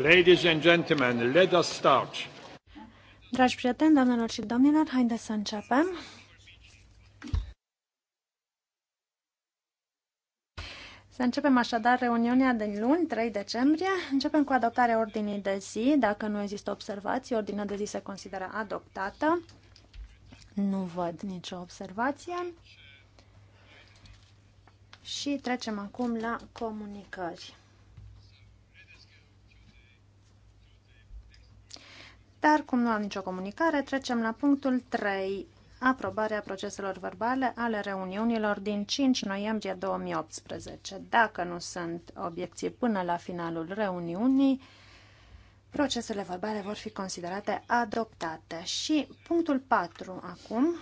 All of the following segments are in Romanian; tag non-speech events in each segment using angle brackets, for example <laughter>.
Ladies and gentlemen, let us start. Dragi prieteni, doamnelor și domnilor, haideți să începem. Să începem așadar reuniunea de luni, 3 decembrie. Începem cu adoptarea ordinii de zi. Dacă nu există observații, ordinea de zi se consideră adoptată. Nu văd nicio observație. Și trecem acum la comunicări. Dar, cum nu am nicio comunicare, trecem la punctul 3, aprobarea proceselor verbale ale reuniunilor din 5 noiembrie 2018. Dacă nu sunt obiecții până la finalul reuniunii, procesele verbale vor fi considerate adoptate. Și punctul 4 acum,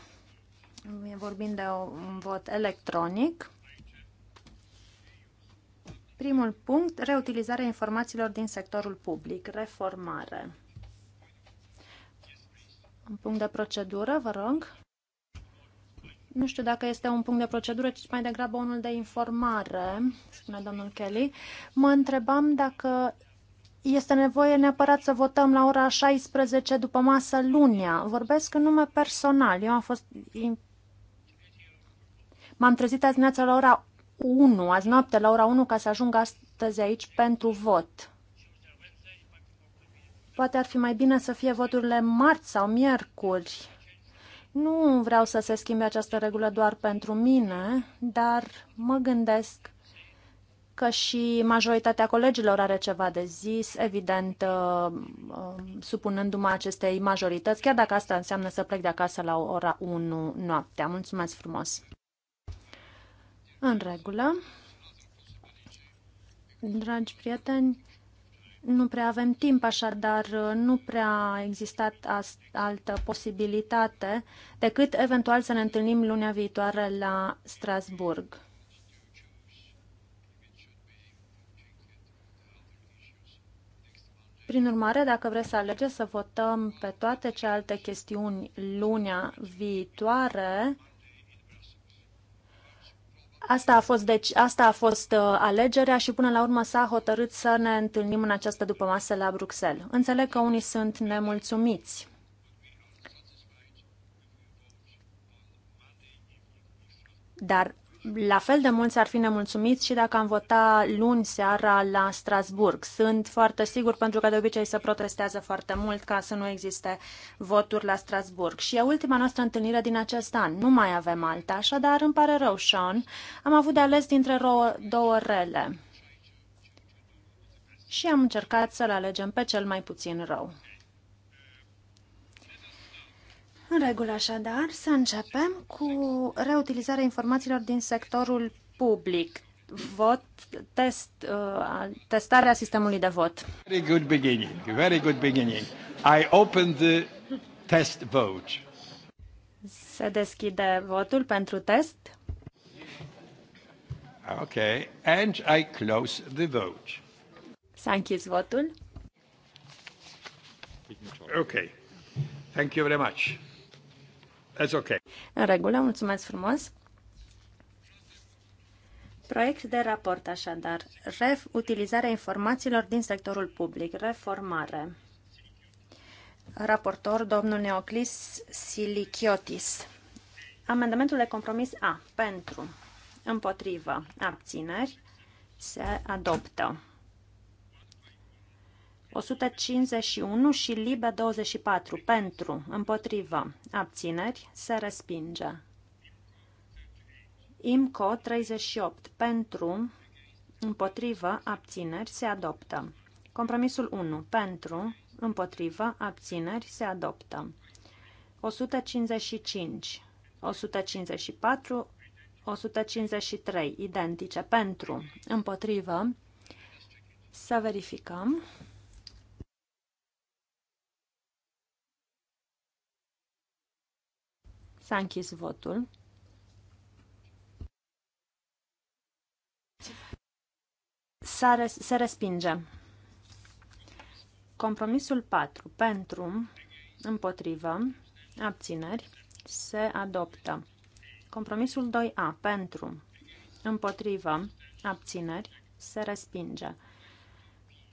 vorbim de un vot electronic, Primul punct, reutilizarea informațiilor din sectorul public, reformare. Un punct de procedură, vă rog. Nu știu dacă este un punct de procedură, ci mai degrabă unul de informare, spune domnul Kelly. Mă întrebam dacă este nevoie neapărat să votăm la ora 16 după masă lunia. Vorbesc în nume personal. Eu am fost... M-am trezit azi dimineața la ora 1, azi noapte la ora 1 ca să ajung astăzi aici pentru vot. Poate ar fi mai bine să fie voturile marți sau miercuri. Nu vreau să se schimbe această regulă doar pentru mine, dar mă gândesc că și majoritatea colegilor are ceva de zis, evident, uh, um, supunându-mă acestei majorități, chiar dacă asta înseamnă să plec de acasă la ora 1 noaptea. Mulțumesc frumos! În regulă. Dragi prieteni, nu prea avem timp, așadar nu prea a existat altă posibilitate decât eventual să ne întâlnim lunea viitoare la Strasburg. Prin urmare, dacă vreți să alegeți să votăm pe toate celelalte chestiuni lunea viitoare, Asta a fost, deci, asta a fost uh, alegerea și până la urmă s-a hotărât să ne întâlnim în această dupămasă la Bruxelles. Înțeleg că unii sunt nemulțumiți. Dar la fel de mulți ar fi nemulțumiți și dacă am vota luni seara la Strasburg. Sunt foarte sigur, pentru că de obicei se protestează foarte mult ca să nu existe voturi la Strasburg. Și e ultima noastră întâlnire din acest an. Nu mai avem alta, așadar îmi pare rău, Sean. Am avut de ales dintre două rele. Și am încercat să-l alegem pe cel mai puțin rău. În regulă, așadar, să începem cu reutilizarea informațiilor din sectorul public. Vot, test, uh, testarea sistemului de vot. Very good beginning, very good beginning. I open the test vote. Se deschide votul pentru test. Ok, and I close the vote. S-a închis votul. Ok. Thank you very much. That's okay. În regulă, mulțumesc frumos. Proiect de raport, așadar. REF, utilizarea informațiilor din sectorul public, reformare. Raportor, domnul Neoclis Silichiotis. Amendamentul de compromis A. Pentru. Împotrivă. Abțineri. Se adoptă. 151 și Libe 24. Pentru, împotrivă, abțineri, se respinge. IMCO 38. Pentru, împotrivă, abțineri, se adoptă. Compromisul 1. Pentru, împotrivă, abțineri, se adoptă. 155, 154, 153, identice, pentru, împotrivă, să verificăm. S-a închis votul. Res se respinge. Compromisul 4. Pentru, împotrivă, abțineri, se adoptă. Compromisul 2A. Pentru, împotrivă, abțineri, se respinge.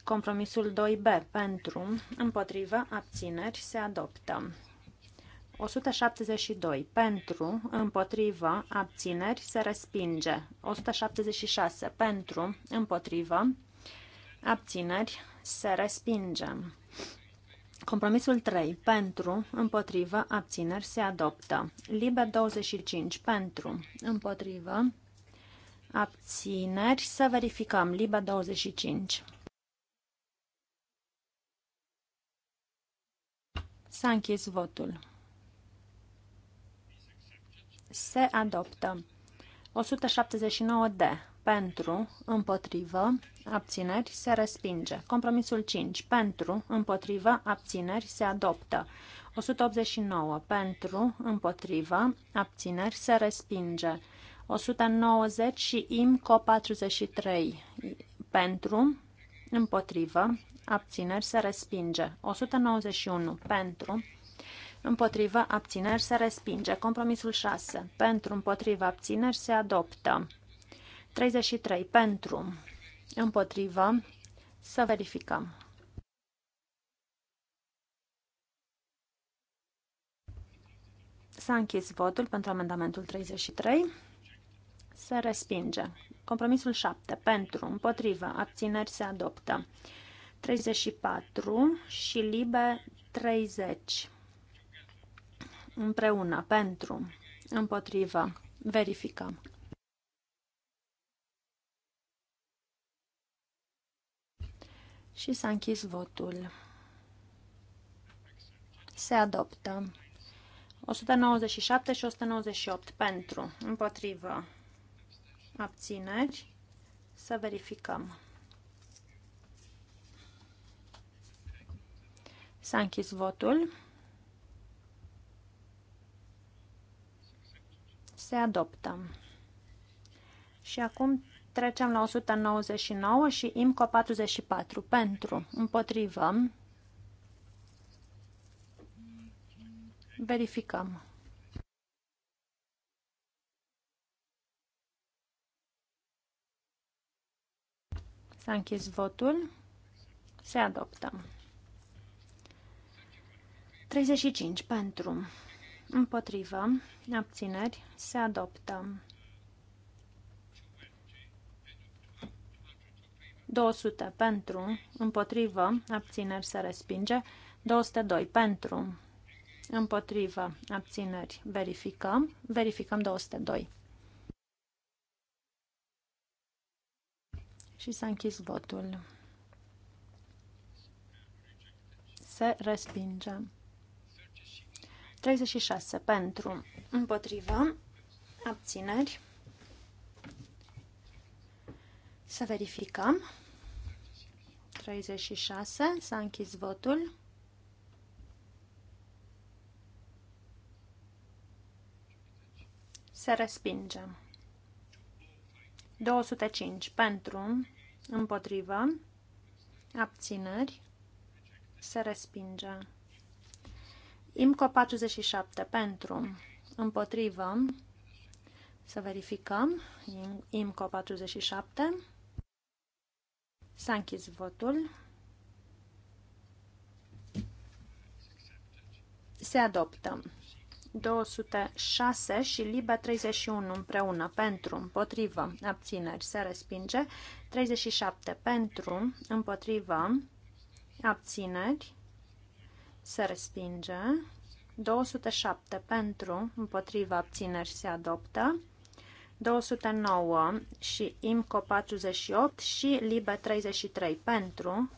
Compromisul 2B. Pentru, împotrivă, abțineri, se adoptă. 172. Pentru, împotrivă, abțineri, se respinge. 176. Pentru, împotrivă, abțineri, se respinge. Compromisul 3. Pentru, împotrivă, abțineri, se adoptă. Liber 25. Pentru, împotrivă, abțineri, să verificăm. Liber 25. S-a închis votul se adoptă. 179D pentru, împotrivă, abțineri, se respinge. Compromisul 5 pentru, împotrivă, abțineri, se adoptă. 189 pentru, împotrivă, abțineri, se respinge. 190 și IMCO 43 pentru, împotrivă, abțineri, se respinge. 191 pentru, Împotrivă abțineri se respinge. Compromisul 6 pentru împotrivă abțineri se adoptă. 33 pentru împotrivă să verificăm. S-a închis votul pentru amendamentul 33. Se respinge. Compromisul 7. Pentru, împotrivă, abțineri se adoptă. 34 și libe 30 împreună, pentru, împotrivă, verificăm. Și s-a închis votul. Se adoptă. 197 și 198 pentru, împotrivă, abțineri. Să verificăm. S-a închis votul. se adoptă. Și acum trecem la 199 și IMCO 44. Pentru, împotrivă, verificăm. S-a închis votul. Se adoptă. 35 pentru împotrivă, abțineri, se adoptă. 200 pentru, împotrivă, abțineri, se respinge. 202 pentru, împotrivă, abțineri, verificăm. Verificăm 202. Și s-a închis votul. Se respinge. 36 pentru, împotrivă, abțineri. Să verificăm. 36, s-a închis votul. Se respinge. 205 pentru, împotrivă, abțineri, se respinge. IMCO 47 pentru, împotrivă, să verificăm, IMCO 47, s-a închis votul, se adoptă. 206 și Libe 31 împreună pentru, împotrivă, abțineri, se respinge. 37 pentru, împotrivă, abțineri, se respinge. 207 pentru, împotriva abțineri se adoptă. 209 și IMCO 48 și LIBE 33 pentru,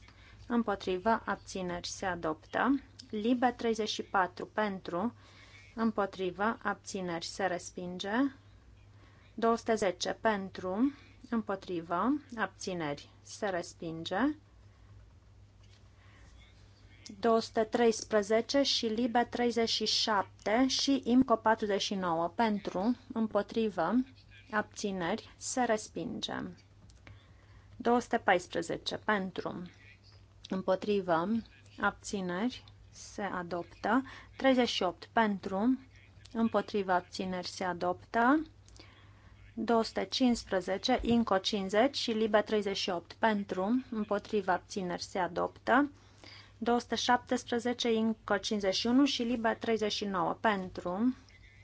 împotriva abțineri se adoptă. LIBE 34 pentru, împotriva abțineri se respinge. 210 pentru, împotriva abțineri se respinge. 213 și Libe 37 și IMCO 49 pentru, împotrivă, abțineri, se respinge. 214 pentru, împotrivă, abțineri, se adoptă. 38 pentru, împotrivă, abțineri, se adoptă. 215, INCO 50 și LIBE 38 pentru, împotriva abțineri se adoptă, 217, Inco 51 și Liber 39. Pentru,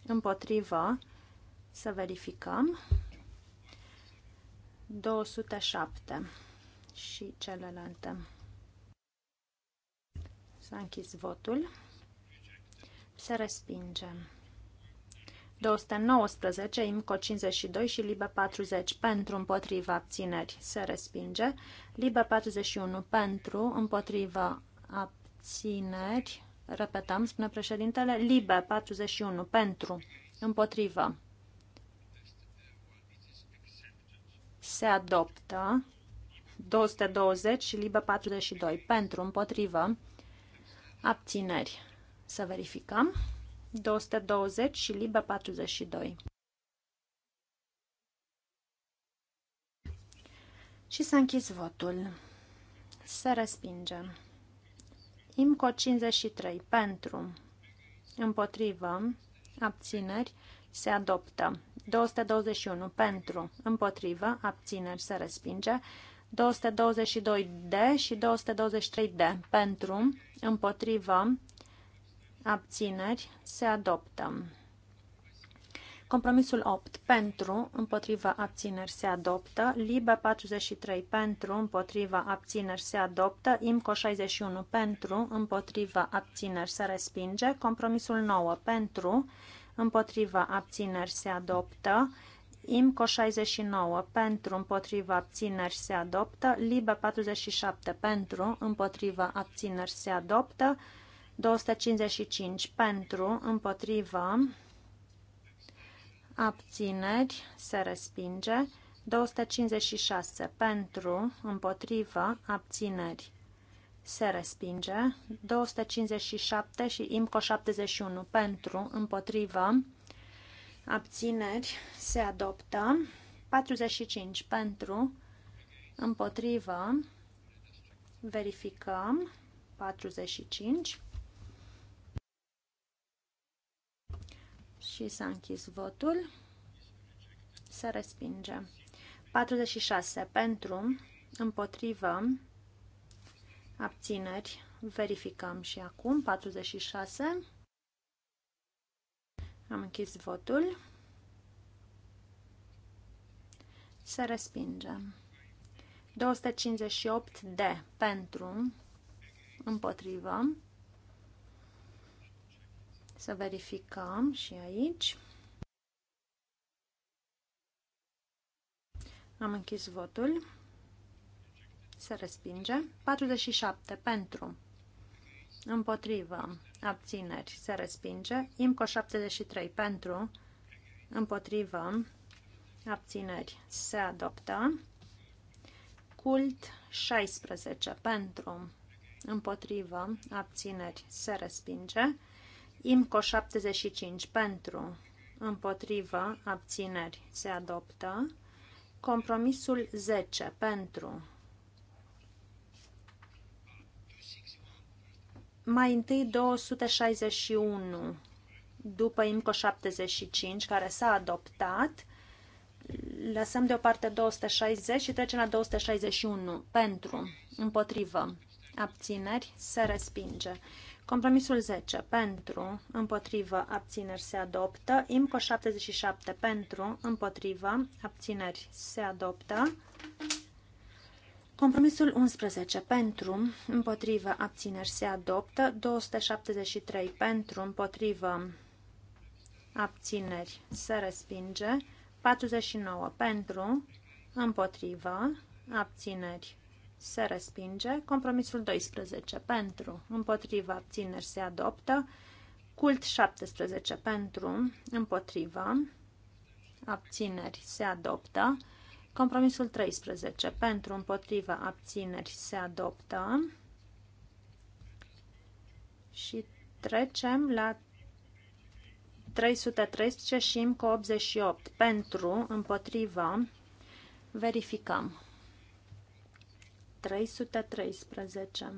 împotrivă, să verificăm, 207 și celelalte. S-a închis votul. Se respinge. 219, IMCO 52 și LIBE 40 pentru împotriva abțineri se respinge, LIBE 41 pentru împotriva abțineri, repetăm, spune președintele, libe 41, pentru, împotrivă. Se adoptă 220 și libe 42, pentru, împotrivă, abțineri. Să verificăm. 220 și libe 42. Și s-a închis votul. Se respinge. IMCO 53. Pentru. Împotrivă. Abțineri. Se adoptă. 221. Pentru. Împotrivă. Abțineri. Se respinge. 222D și 223D. Pentru. Împotrivă. Abțineri. Se adoptă. Compromisul 8 pentru, împotriva abțineri se adoptă. Libe 43 pentru, împotriva abțineri se adoptă. Imco 61 pentru, împotriva abțineri se respinge. Compromisul 9 pentru, împotriva abțineri se adoptă. IMCO 69 pentru, împotriva abțineri se adoptă, LIBE 47 pentru, împotriva abțineri se adoptă, 255 pentru, împotriva Abțineri se respinge. 256 pentru, împotrivă, abțineri se respinge. 257 și IMCO 71 pentru, împotrivă, abțineri se adoptă. 45 pentru, împotrivă, verificăm. 45 Și s-a închis votul. Se respinge. 46 pentru, împotrivă, abțineri. Verificăm și acum. 46. Am închis votul. Se respinge. 258 de pentru, împotrivă, să verificăm și aici. Am închis votul. Se respinge. 47 pentru. Împotrivă. Abțineri. Se respinge. IMCO 73 pentru. Împotrivă. Abțineri. Se adoptă. Cult 16 pentru. Împotrivă. Abțineri. Se respinge. IMCO 75 pentru, împotrivă, abțineri se adoptă. Compromisul 10 pentru. Mai întâi 261 după IMCO 75 care s-a adoptat. Lăsăm deoparte 260 și trecem la 261 pentru, împotrivă, abțineri se respinge. Compromisul 10 pentru, împotrivă, abțineri se adoptă. IMCO 77 pentru, împotrivă, abțineri se adoptă. Compromisul 11 pentru, împotrivă, abțineri se adoptă. 273 pentru, împotrivă, abțineri se respinge. 49 pentru, împotrivă, abțineri se respinge. Compromisul 12 pentru, împotriva, abțineri se adoptă. Cult 17 pentru, împotriva, abțineri se adoptă. Compromisul 13 pentru, împotriva, abțineri se adoptă. Și trecem la 313 și 88 pentru, împotriva, verificăm. 313.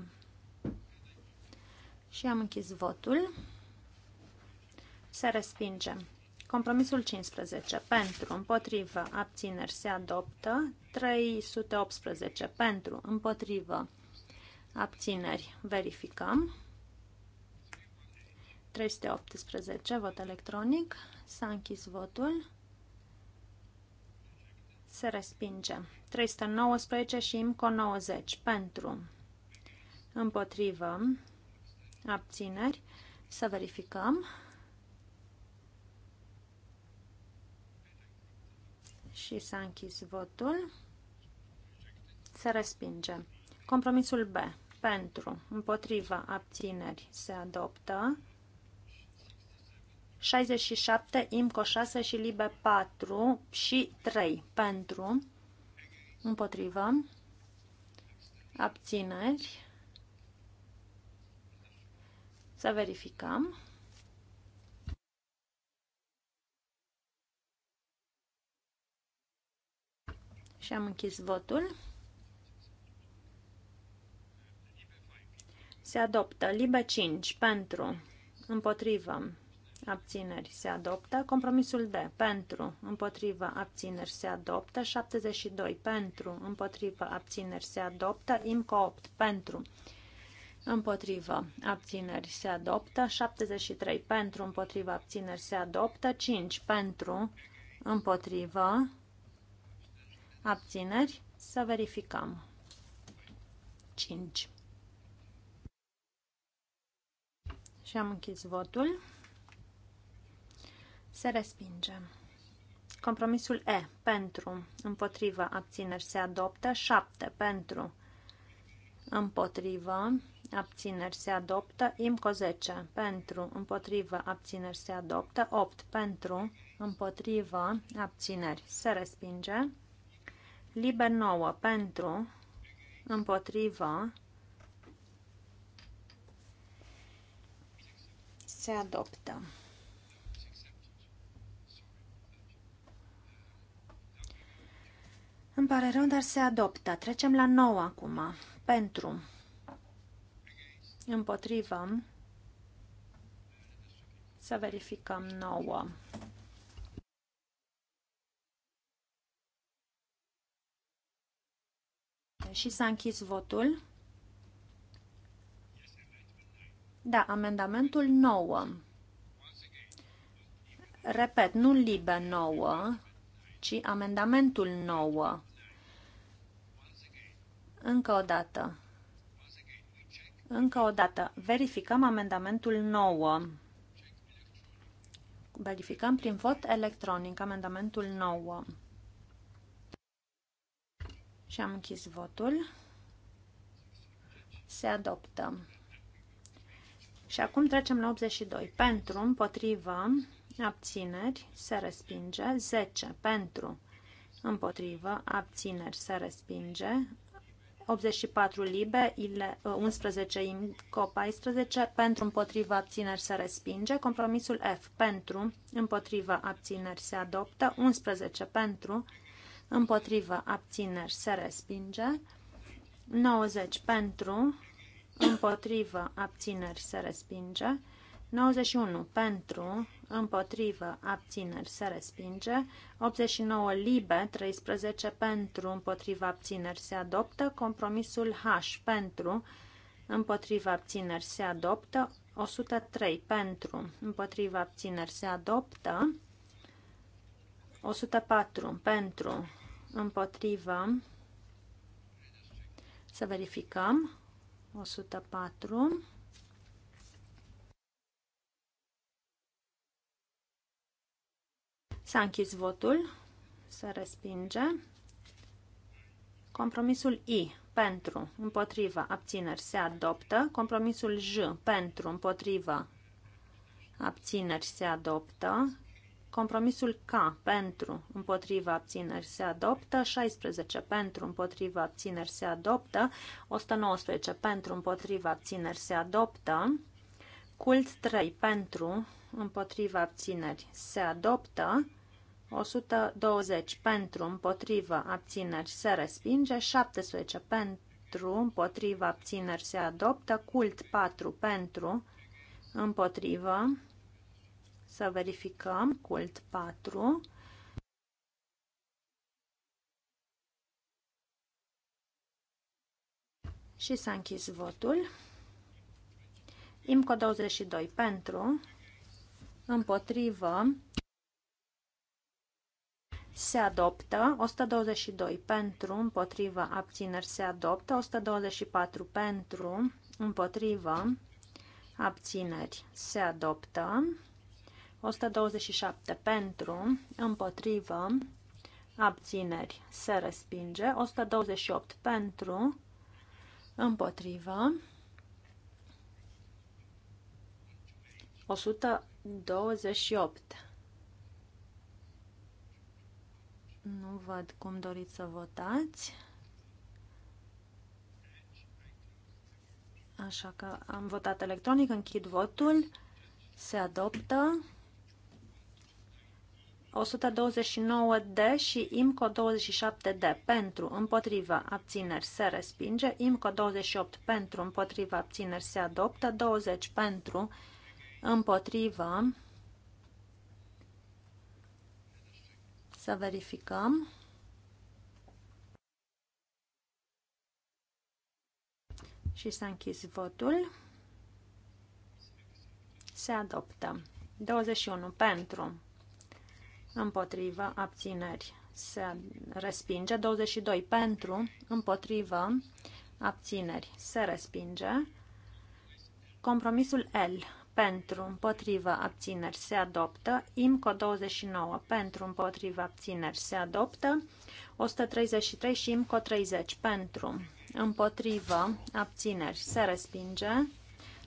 Și am închis votul. Se respinge. Compromisul 15. Pentru, împotrivă, abțineri se adoptă. 318. Pentru, împotrivă, abțineri verificăm. 318. Vot electronic. S-a închis votul. Se respinge. 319 și IMCO 90. Pentru. Împotrivă. Abțineri. Să verificăm. Și s-a închis votul. Se respinge. Compromisul B. Pentru. Împotrivă. Abțineri. Se adoptă. 67, IMCO 6 și LIBE 4 și 3 pentru, împotrivă, abțineri. Să verificăm. Și am închis votul. Se adoptă LIBE 5 pentru, împotrivă, abțineri se adoptă. Compromisul D, pentru, împotrivă, abțineri se adoptă. 72, pentru, împotrivă, abțineri se adoptă. IMCO 8, pentru, împotrivă, abțineri se adoptă. 73, pentru, împotrivă, abțineri se adoptă. 5, pentru, împotrivă, abțineri, să verificăm. 5. Și am închis votul. Se respinge. Compromisul E. Pentru. Împotrivă. Abțineri. Se adoptă. 7. Pentru. Împotrivă. Abțineri. Se adoptă. IMCO 10. Pentru. Împotrivă. Abțineri. Se adoptă. 8. Pentru. Împotrivă. Abțineri. Se respinge. Liber 9. Pentru. Împotrivă. Se adoptă. Îmi pare rău, dar se adoptă. Trecem la nou acum. Pentru. Împotrivă. Să verificăm nouă. Și s-a închis votul. Da, amendamentul nouă. Repet, nu libe nouă, ci amendamentul nouă. Încă o dată. Încă o dată. Verificăm amendamentul 9. Verificăm prin vot electronic amendamentul 9. Și am închis votul. Se adoptă. Și acum trecem la 82. Pentru, împotrivă, abțineri, se respinge. 10. Pentru, împotrivă, abțineri, se respinge. 84 libe, 11 imco 14, pentru împotriva abțineri se respinge, compromisul F pentru împotriva abțineri se adoptă, 11 pentru împotriva abțineri se respinge, 90 pentru împotriva abțineri se respinge, 91 pentru împotrivă, abțineri, se respinge. 89 libe, 13 pentru, împotrivă, abțineri, se adoptă. Compromisul H pentru, împotrivă, abțineri, se adoptă. 103 pentru, împotrivă, abțineri, se adoptă. 104 pentru, împotrivă, să verificăm. 104 S-a închis votul. Se respinge. Compromisul I. Pentru. Împotriva. Abțineri. Se adoptă. Compromisul J. Pentru. Împotriva. Abțineri. Se adoptă. Compromisul K pentru împotriva abțineri se adoptă, 16 pentru împotriva abțineri se adoptă, 119 pentru împotriva abțineri se adoptă, cult 3 pentru împotriva abțineri se adoptă, 120 pentru, împotrivă, abțineri, se respinge. 17 pentru, împotrivă, abțineri, se adoptă. Cult 4 pentru, împotrivă. Să verificăm. Cult 4. Și s-a închis votul. IMCO 22 pentru, împotrivă, se adoptă, 122 pentru, împotriva, abțineri se adoptă, 124 pentru, împotriva, abțineri se adoptă, 127 pentru, împotrivă, abțineri se respinge, 128 pentru, împotrivă, 128 Nu văd cum doriți să votați. Așa că am votat electronic, închid votul, se adoptă. 129D și IMCO 27D pentru, împotriva, abțineri se respinge, IMCO 28 pentru, împotriva, abțineri se adoptă, 20 pentru, împotriva, Să verificăm. Și s-a închis votul. Se adoptă. 21 pentru. Împotrivă. Abțineri. Se respinge. 22 pentru. Împotrivă. Abțineri. Se respinge. Compromisul L pentru, împotrivă, abțineri se adoptă, IMCO 29 pentru, împotrivă, abțineri se adoptă, 133 și IMCO 30 pentru, împotrivă, abțineri se respinge,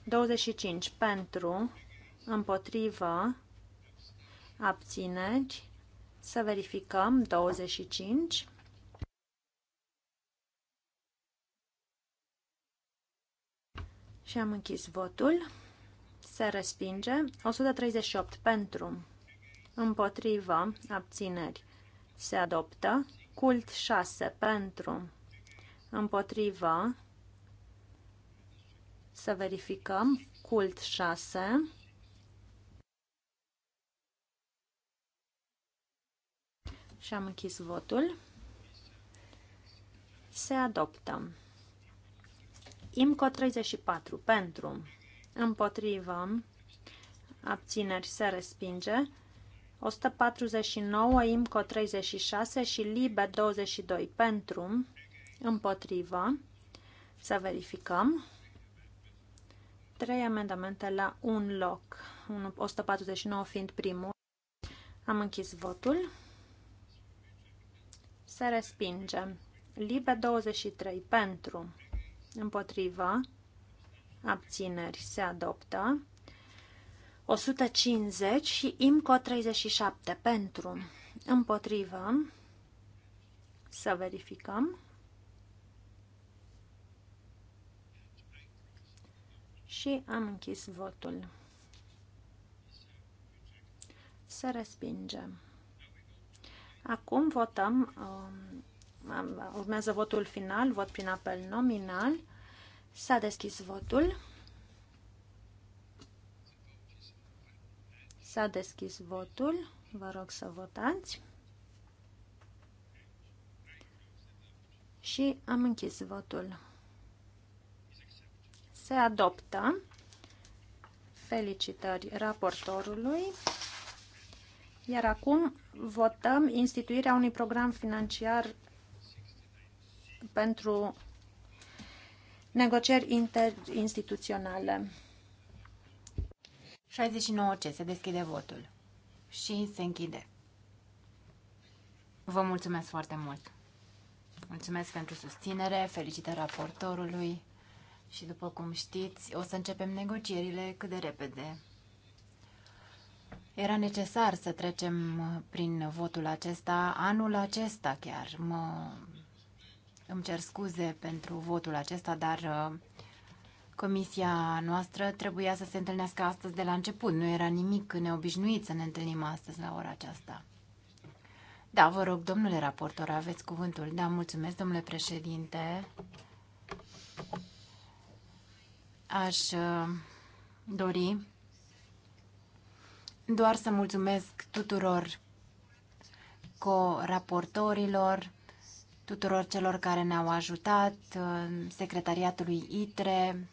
25 pentru, împotrivă, abțineri, să verificăm, 25. Și am închis votul se respinge. 138 pentru, împotrivă, abțineri, se adoptă. Cult 6 pentru, împotrivă, să verificăm, cult 6. Și am închis votul. Se adoptă. IMCO 34 pentru împotrivă, abțineri se respinge. 149, IMCO 36 și LIBE 22 pentru, împotrivă, să verificăm. Trei amendamente la un loc, 149 fiind primul. Am închis votul. Se respinge. Libe 23 pentru, împotrivă, abțineri se adoptă. 150 și IMCO 37 pentru, împotrivă, să verificăm. Și am închis votul. Să respingem. Acum votăm, um, urmează votul final, vot prin apel nominal. S-a deschis votul. S-a deschis votul. Vă rog să votați. Și am închis votul. Se adoptă. Felicitări raportorului. Iar acum votăm instituirea unui program financiar pentru negocieri interinstituționale. 69 C. Se deschide votul. Și se închide. Vă mulțumesc foarte mult. Mulțumesc pentru susținere, felicitări raportorului și după cum știți, o să începem negocierile cât de repede. Era necesar să trecem prin votul acesta anul acesta chiar. Mă îmi cer scuze pentru votul acesta, dar uh, comisia noastră trebuia să se întâlnească astăzi de la început. Nu era nimic neobișnuit să ne întâlnim astăzi la ora aceasta. Da, vă rog, domnule raportor, aveți cuvântul. Da, mulțumesc, domnule președinte. Aș uh, dori doar să mulțumesc tuturor co-raportorilor, tuturor celor care ne-au ajutat, uh, secretariatului ITRE,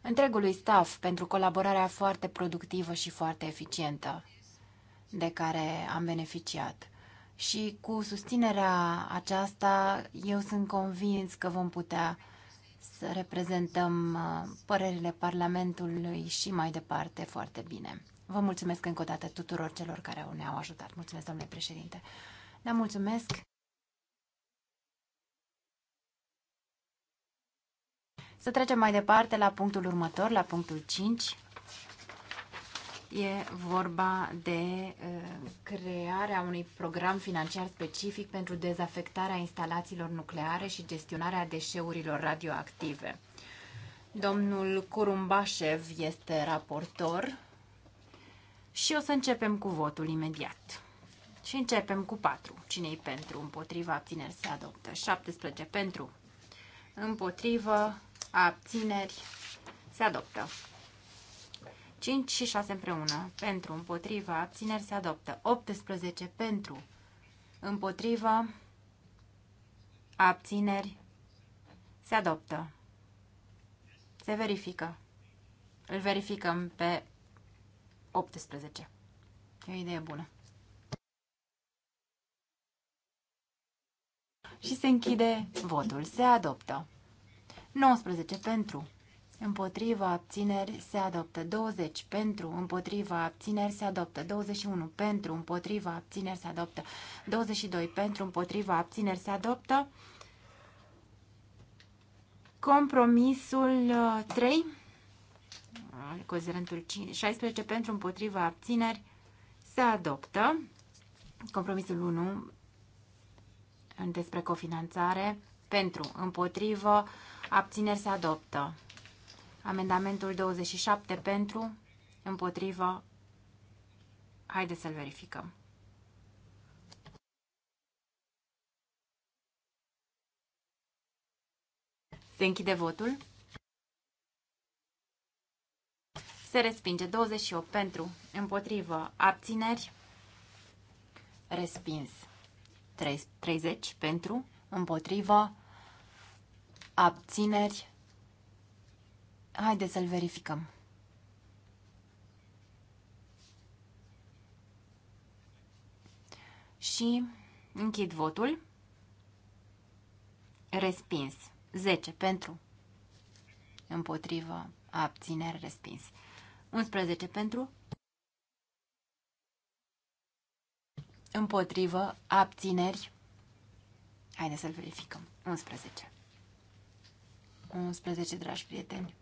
întregului staff pentru colaborarea foarte productivă și foarte eficientă de care am beneficiat. Și cu susținerea aceasta, eu sunt convins că vom putea să reprezentăm uh, părerile Parlamentului și mai departe foarte bine. Vă mulțumesc încă o dată tuturor celor care ne-au ajutat. Mulțumesc, domnule președinte. Ne da, mulțumesc. Să trecem mai departe la punctul următor, la punctul 5. E vorba de uh, crearea unui program financiar specific pentru dezafectarea instalațiilor nucleare și gestionarea deșeurilor radioactive. Domnul Curumbașev este raportor și o să începem cu votul imediat. Și începem cu 4. Cine-i pentru? Împotriva, abțineri se adoptă. 17 pentru. Împotrivă, abțineri, se adoptă. 5 și 6 împreună, pentru, împotriva, abțineri, se adoptă. 18 pentru, împotriva, abțineri, se adoptă. Se verifică. Îl verificăm pe 18. E o idee bună. Și se închide votul. Se adoptă. 19 pentru. Împotriva abțineri se adoptă 20 pentru, împotriva abțineri se adoptă 21 pentru, împotriva abțineri se adoptă 22 pentru, împotriva abțineri se adoptă compromisul 3, cozerentul 16 pentru, împotriva abțineri se adoptă compromisul 1 despre cofinanțare pentru, împotrivă Abțineri se adoptă. Amendamentul 27 pentru, împotrivă. Haideți să-l verificăm. Se închide votul. Se respinge 28 pentru, împotrivă, abțineri, respins. 30 pentru, împotrivă, abțineri. Haideți să-l verificăm. Și închid votul. Respins. 10 pentru. Împotrivă. Abțineri. Respins. 11 pentru. Împotrivă. Abțineri. Haideți să-l verificăm. 11. 11, dragi prieteni.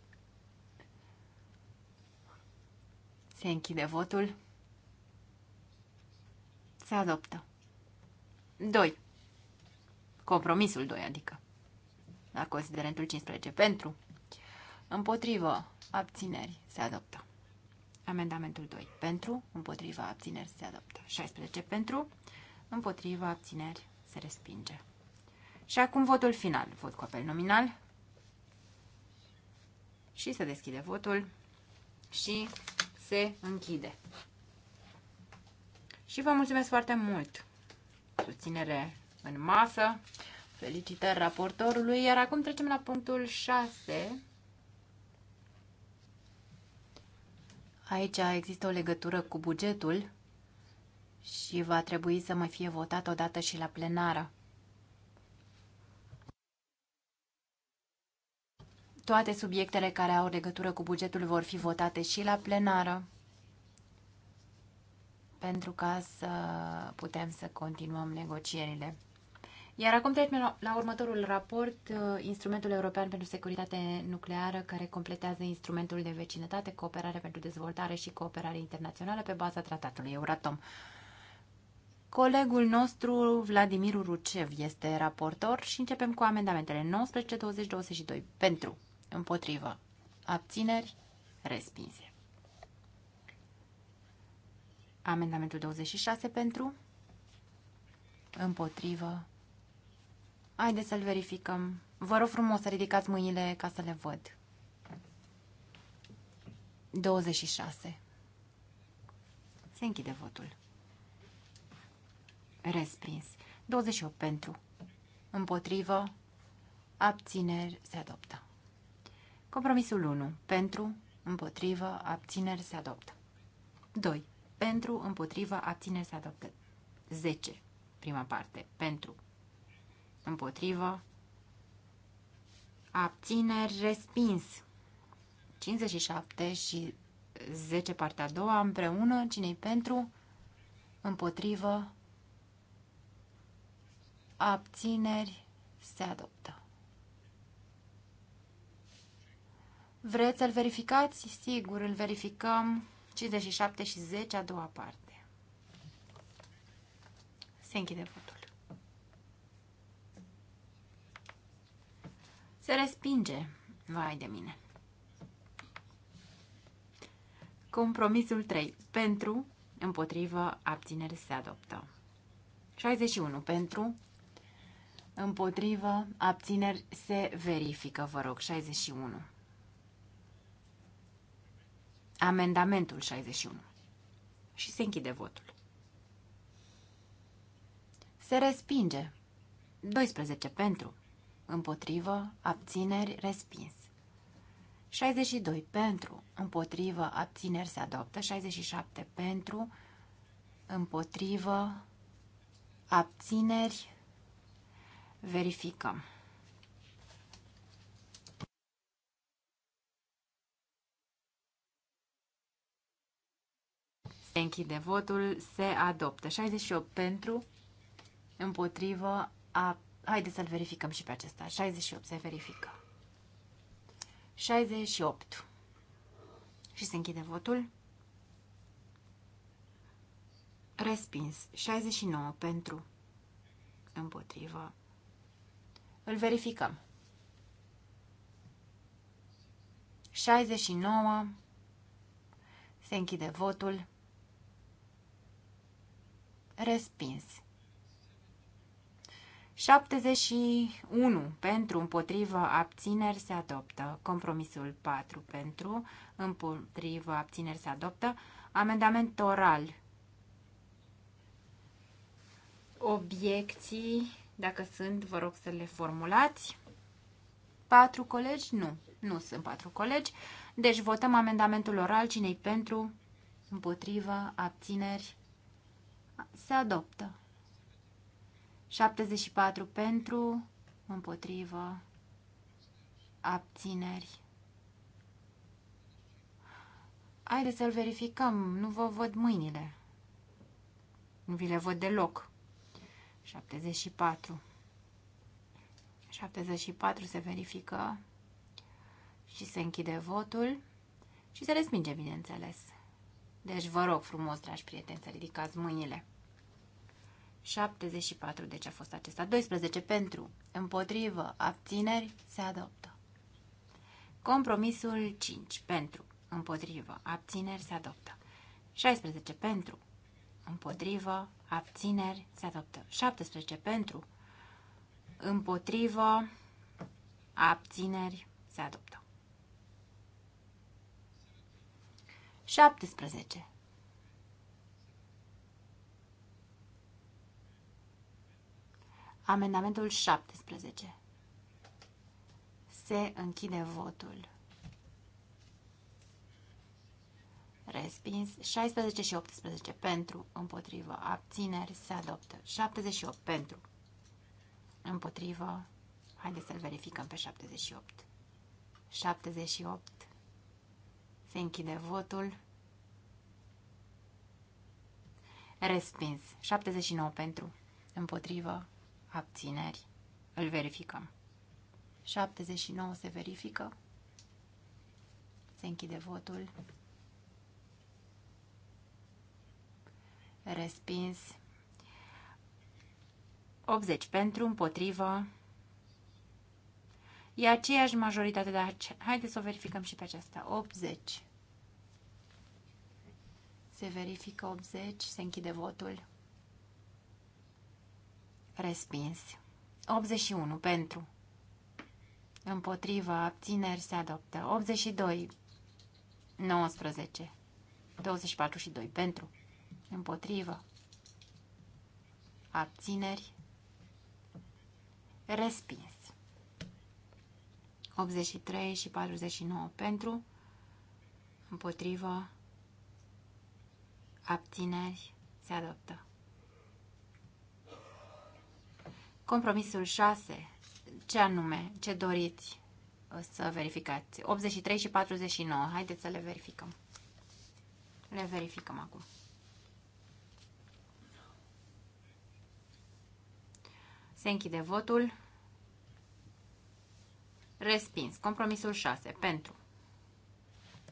Se închide votul. Se adoptă. 2. Compromisul 2, adică. La considerentul 15. Pentru. Împotrivă. Abțineri. Se adoptă. Amendamentul 2. Pentru. Împotrivă Abțineri. Se adoptă. 16. Pentru. Împotrivă Abțineri. Se respinge. Și acum votul final. Vot cu apel nominal și se deschide votul și se închide. Și vă mulțumesc foarte mult! Susținere în masă, felicitări raportorului, iar acum trecem la punctul 6. Aici există o legătură cu bugetul și va trebui să mai fie votat odată și la plenară. Toate subiectele care au legătură cu bugetul vor fi votate și la plenară pentru ca să putem să continuăm negocierile. Iar acum trecem la următorul raport, uh, Instrumentul European pentru Securitate Nucleară, care completează instrumentul de vecinătate, cooperare pentru dezvoltare și cooperare internațională pe baza tratatului Euratom. Colegul nostru, Vladimir Rucev, este raportor și începem cu amendamentele 19, 20, 22. Pentru. Împotrivă. Abțineri. Respinse. Amendamentul 26 pentru. Împotrivă. Haideți să-l verificăm. Vă rog frumos să ridicați mâinile ca să le văd. 26. Se închide votul. Respins. 28 pentru. Împotrivă. Abțineri se adoptă. Compromisul 1. Pentru, împotrivă, abțineri se adoptă. 2. Pentru, împotrivă, abțineri se adoptă. 10. Prima parte. Pentru, împotrivă, abțineri respins. 57 și 10 partea a doua împreună, cine pentru, împotrivă, abțineri se adoptă. Vreți să-l verificați? Sigur, îl verificăm. 57 și 10, a doua parte. Se închide votul. Se respinge. Vai de mine. Compromisul 3. Pentru, împotrivă, abținere se adoptă. 61. Pentru, împotrivă, abțineri se verifică, vă rog. 61 amendamentul 61. Și se închide votul. Se respinge. 12 pentru. Împotrivă, abțineri, respins. 62 pentru, împotrivă, abțineri se adoptă. 67 pentru, împotrivă, abțineri, verificăm. Se închide votul, se adoptă. 68 pentru, împotrivă, a... haideți să-l verificăm și pe acesta. 68 se verifică. 68. Și se închide votul. Respins. 69 pentru, împotrivă. Îl verificăm. 69. Se închide votul. Respins. 71 pentru, împotrivă, abțineri se adoptă. Compromisul 4 pentru, împotrivă, abțineri se adoptă. Amendament oral. Obiecții, dacă sunt, vă rog să le formulați. 4 colegi? Nu, nu sunt 4 colegi. Deci votăm amendamentul oral. Cine-i pentru? Împotrivă, abțineri se adoptă. 74 pentru, împotrivă, abțineri. Haideți să-l verificăm, nu vă văd mâinile. Nu vi le văd deloc. 74. 74 se verifică și se închide votul și se respinge, bineînțeles. Deci vă rog frumos, dragi prieteni, să ridicați mâinile. 74, deci a fost acesta. 12 pentru, împotrivă, abțineri, se adoptă. Compromisul 5 pentru, împotrivă, abțineri, se adoptă. 16 pentru, împotrivă, abțineri, se adoptă. 17 pentru, împotrivă, abțineri, se adoptă. 17 Amendamentul 17. Se închide votul. Respins. 16 și 18 pentru, împotrivă, abțineri, se adoptă. 78 pentru, împotrivă. Haideți să-l verificăm pe 78. 78. Se închide votul. Respins. 79 pentru, împotrivă, abțineri. Îl verificăm. 79 se verifică. Se închide votul. Respins. 80 pentru, împotrivă. E aceeași majoritate, dar haideți să o verificăm și pe aceasta. 80. Se verifică 80, se închide votul. Respins. 81 pentru. Împotriva abțineri se adoptă. 82. 19. 24 și 2 pentru. Împotrivă. Abțineri. Respins. 83 și 49 pentru. Împotrivă. Abțineri. Se adoptă. Compromisul 6. Ce anume? Ce doriți uh, să verificați? 83 și 49. Haideți să le verificăm. Le verificăm acum. Se închide votul. Respins. Compromisul 6. Pentru.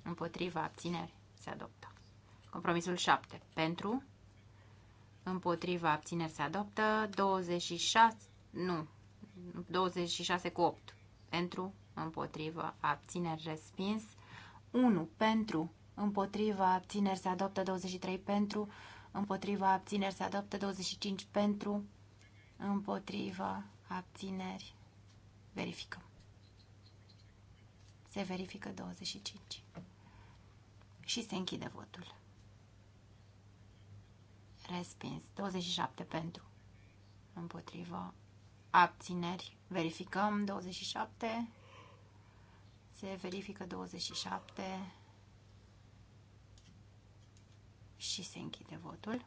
Împotriva abțineri. Se adoptă. Compromisul 7. Pentru. Împotriva abțineri se adoptă. 26. Nu. 26 cu 8. Pentru, împotrivă, abțineri, respins. 1 pentru, împotrivă, abțineri, se adoptă 23 pentru, împotrivă, abțineri, se adoptă 25 pentru, împotrivă, abțineri, verificăm. Se verifică 25. Și se închide votul. Respins. 27 pentru. Împotrivă abțineri. Verificăm 27. Se verifică 27 și se închide votul.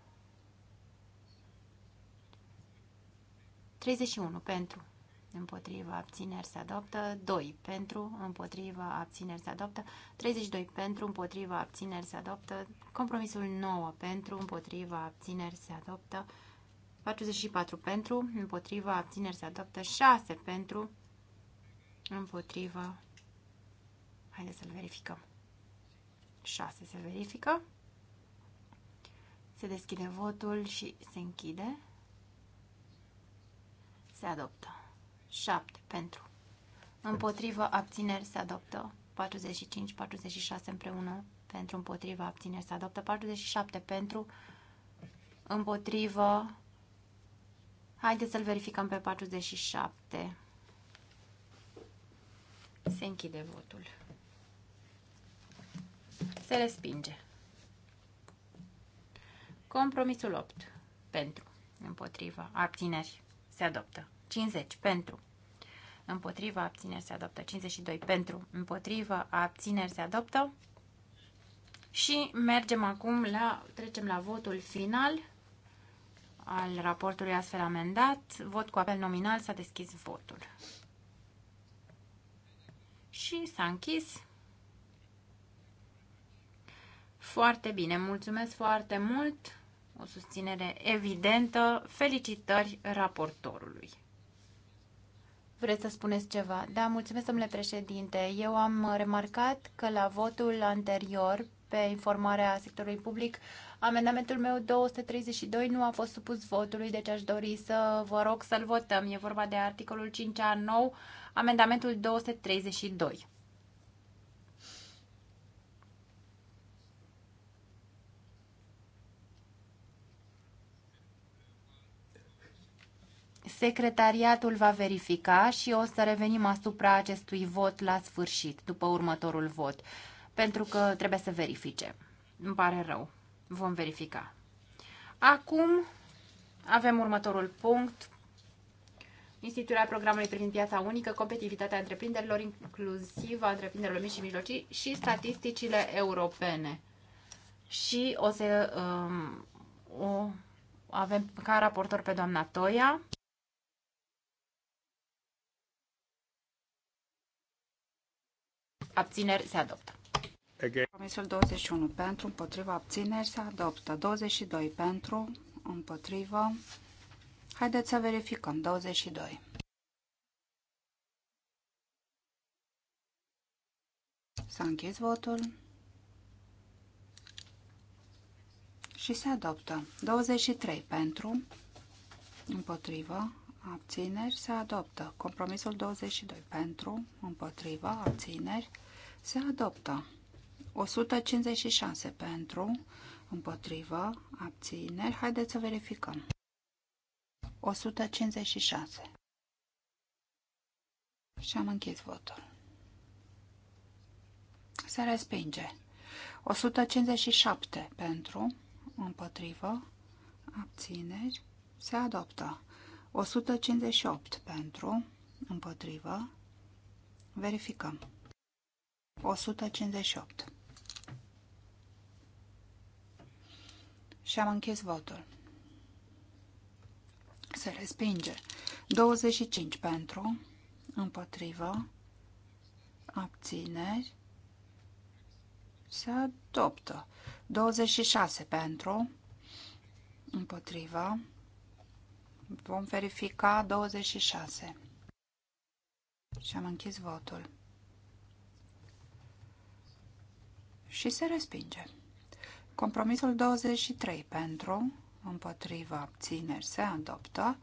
31 pentru, împotriva abțineri se adoptă, 2 pentru, împotriva abțineri se adoptă, 32 pentru, împotriva abțineri se adoptă, compromisul 9 pentru, împotriva abțineri se adoptă, 44 pentru, împotriva, abțineri se adoptă. 6 pentru, împotriva. Haideți să-l verificăm. 6 se verifică. Se deschide votul și se închide. Se adoptă. 7 pentru. Împotrivă abțineri se adoptă 45-46 împreună. Pentru împotrivă abțineri se adoptă 47 pentru. Împotrivă Haideți să-l verificăm pe 47. Se închide votul. Se respinge. Compromisul 8. Pentru. Împotriva. Abțineri. Se adoptă. 50. Pentru. Împotriva. Abțineri. Se adoptă. 52. Pentru. Împotriva. Abțineri. Se adoptă. Și mergem acum la, trecem la votul final al raportului astfel amendat. Vot cu apel nominal. S-a deschis votul. Și s-a închis. Foarte bine. Mulțumesc foarte mult. O susținere evidentă. Felicitări raportorului. Vreți să spuneți ceva? Da, mulțumesc, domnule președinte. Eu am remarcat că la votul anterior pe informarea sectorului public Amendamentul meu 232 nu a fost supus votului, deci aș dori să vă rog să-l votăm. E vorba de articolul 5A nou, amendamentul 232. Secretariatul va verifica și o să revenim asupra acestui vot la sfârșit, după următorul vot, pentru că trebuie să verifice. Îmi pare rău. Vom verifica. Acum avem următorul punct. Instituirea programului privind piața unică, competitivitatea întreprinderilor, inclusiv a întreprinderilor mici și mijlocii și statisticile europene. Și o să um, o avem ca raportor pe doamna Toia. Abțineri se adoptă. Compromisul 21 pentru, împotriva abțineri se adoptă. 22 pentru, împotriva. Haideți să verificăm. 22. S-a închis votul și se adoptă. 23 pentru, împotriva abțineri, se adoptă. Compromisul 22 pentru, împotriva abțineri, se adoptă. 156 pentru, împotrivă, abțineri. Haideți să verificăm. 156. Și am închis votul. Se respinge. 157 pentru, împotrivă, abțineri, se adoptă. 158 pentru, împotrivă, verificăm. 158. Și am închis votul. Se respinge. 25 pentru, împotrivă, abțineri, se adoptă. 26 pentru, împotrivă, vom verifica 26. Și am închis votul. Și se respinge. Compromisul 23 pentru, împotriva abțineri se adoptă.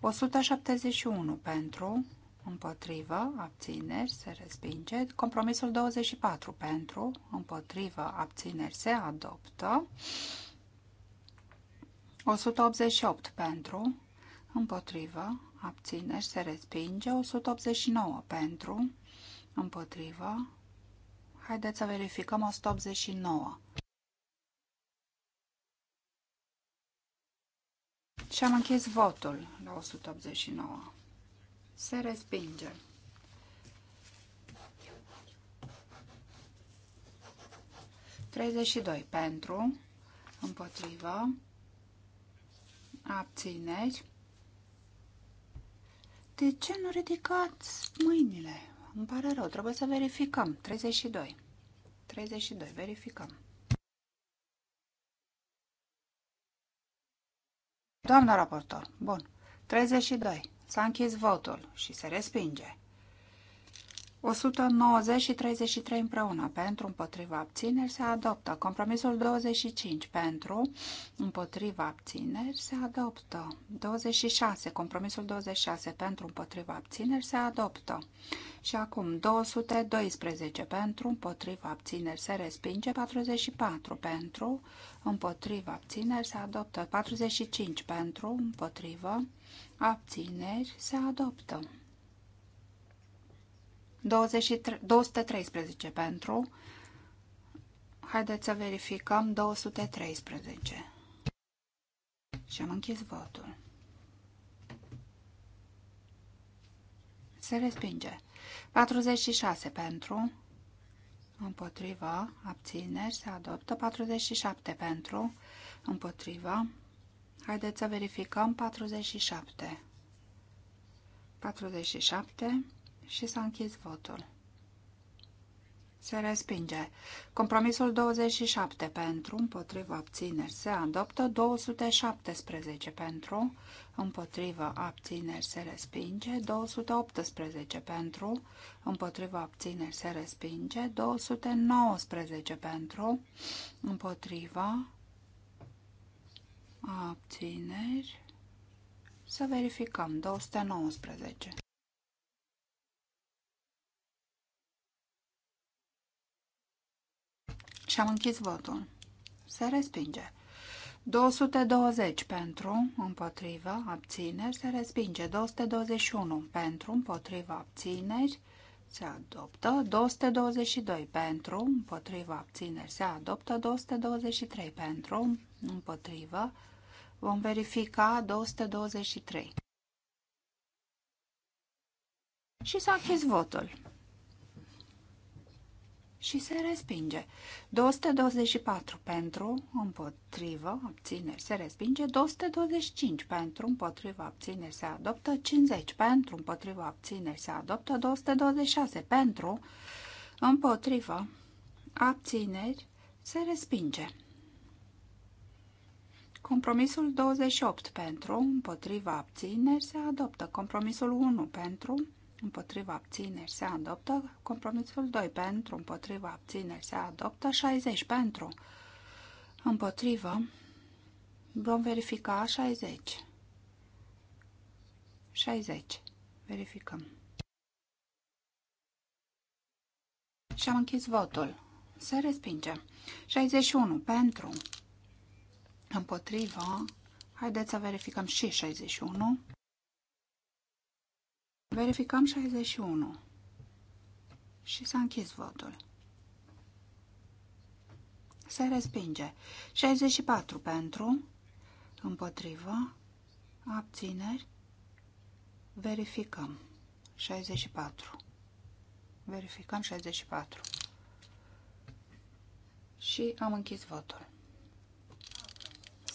171 pentru, împotriva abțineri, se respinge. Compromisul 24 pentru, împotriva abțineri, se adoptă. 188 pentru, împotriva abțineri, se respinge. 189 pentru, împotriva. Haideți să verificăm 189. Și am închis votul la 189. Se respinge. Treizeci doi pentru, împotrivă, abțineri. De ce nu ridicați mâinile? Îmi pare rău, trebuie să verificăm. 32. 32, verificăm. Doamna raportor, bun. 32. S-a închis votul și se respinge. 190 și 33 împreună. Pentru, împotriva, abțineri se adoptă. Compromisul 25. Pentru, împotriva, abțineri se adoptă. 26. Compromisul 26. Pentru, împotriva, abțineri se adoptă. Și acum 212. Pentru, împotriva, abțineri se respinge. 44. Pentru, împotriva, abțineri se adoptă. 45. Pentru, împotriva, abțineri se adoptă. 23, 213 pentru. Haideți să verificăm 213. Și am închis votul. Se respinge. 46 pentru. Împotriva. Abțineri. Se adoptă. 47 pentru. Împotriva. Haideți să verificăm 47. 47 și s-a închis votul. Se respinge. Compromisul 27 pentru, împotriva abțineri se adoptă, 217 pentru, împotriva abțineri se respinge, 218 pentru, împotriva abțineri se respinge, 219 pentru, împotriva abțineri. Să verificăm, 219. Și am închis votul. Se respinge. 220 pentru, împotriva, abțineri, se respinge. 221 pentru, împotriva, abțineri, se adoptă. 222 pentru, împotriva, abțineri, se adoptă. 223 pentru, împotriva. Vom verifica 223. Și s-a închis votul și se respinge. 224 pentru, împotrivă, abțineri, se respinge. 225 pentru, împotrivă, abțineri, se adoptă. 50 pentru, împotrivă, abțineri, se adoptă. 226 pentru, împotrivă, abțineri, se respinge. Compromisul 28 pentru, împotriva abțineri, se adoptă. Compromisul 1 pentru, împotriva abțineri se adoptă, compromisul 2 pentru, împotriva abțineri se adoptă, 60 pentru, împotriva, vom verifica 60. 60. Verificăm. Și am închis votul. Se respinge. 61 pentru, împotriva, haideți să verificăm și 61. Verificăm 61. Și s-a închis votul. Se respinge. 64 pentru, împotrivă, abțineri, verificăm. 64. Verificăm 64. Și am închis votul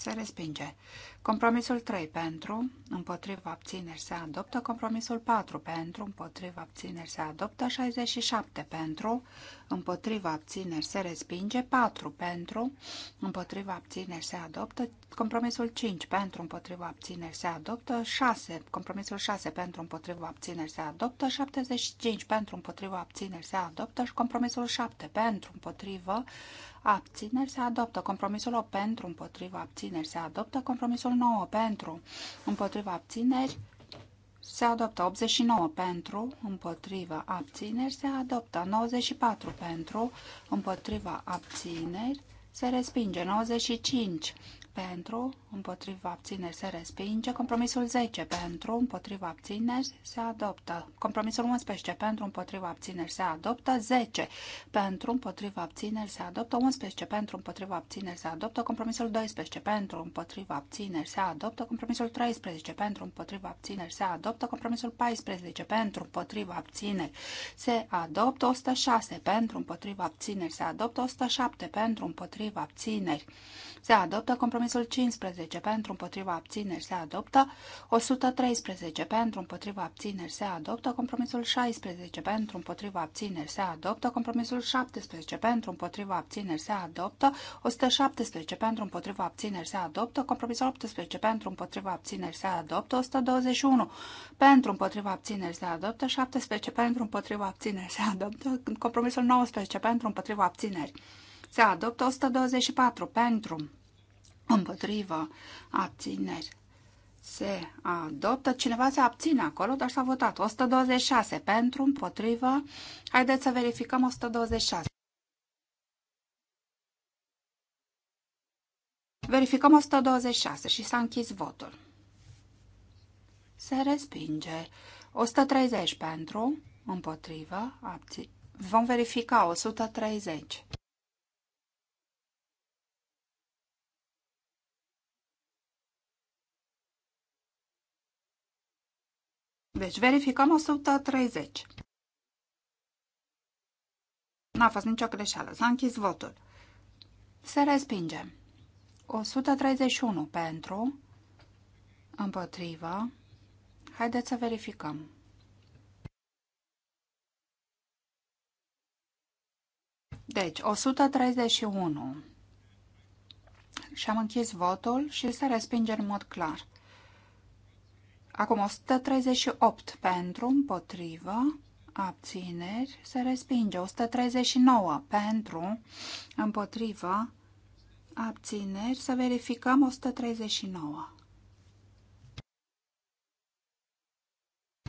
se respinge. Compromisul 3 pentru, împotriva abțineri se adoptă. Compromisul 4 pentru, împotriva abțineri se adoptă. 67 pentru, împotriva abțineri se respinge. 4 pentru, împotriva abțineri se adoptă. Compromisul 5 pentru, împotriva abțineri se adoptă. 6, compromisul 6 pentru, împotriva abțineri se adoptă. 75 pentru, împotriva abțineri se adoptă. Și compromisul 7 pentru, împotriva abțineri se adoptă. Compromisul 8 pentru, împotriva abțineri se adoptă. Compromisul 9 pentru, împotriva abțineri se adoptă. 89 pentru, împotriva abțineri se adoptă. 94 pentru, împotriva abțineri se respinge. 95 pentru, împotriva abțineri se respinge. Compromisul 10 pentru, împotriva abțineri se adoptă. Compromisul 11 pentru, împotriva abțineri se adoptă. 10 pentru, împotriva abțineri se adoptă. 11 pentru, împotriva abțineri se adoptă. Compromisul 12 pentru, împotriva abțineri se adoptă. Compromisul 13 pentru, împotriva abțineri se adoptă. Compromisul 14 pentru, împotriva abțineri se adoptă. 106 pentru, împotriva abțineri se adoptă. 107 pentru, împotriva abțineri se adoptă. Compromisul 15 pentru împotriva abțineri se adoptă. 113 pentru împotriva abțineri se adoptă. Compromisul 16 pentru împotriva abțineri se adoptă. Compromisul 17 pentru împotriva abțineri se adoptă. 117 pentru împotriva abțineri se adoptă. Compromisul 18 pentru împotriva abțineri se adoptă. 121 pentru împotriva abțineri se adoptă. 17 pentru împotriva abțineri se adoptă. Compromisul 19 pentru împotriva abțineri se adoptă 124 pentru, împotrivă, abțineri. Se adoptă, cineva se abține acolo, dar s-a votat 126 pentru, împotrivă. Haideți să verificăm 126. Verificăm 126 și s-a închis votul. Se respinge. 130 pentru, împotrivă, abțin. Vom verifica 130. Deci verificăm 130. N-a fost nicio greșeală. S-a închis votul. Se respinge. 131 pentru, împotriva. Haideți să verificăm. Deci, 131. Și am închis votul și se respinge în mod clar. Acum 138 pentru, împotrivă, abțineri, se respinge. 139 pentru, împotrivă, abțineri, să verificăm 139.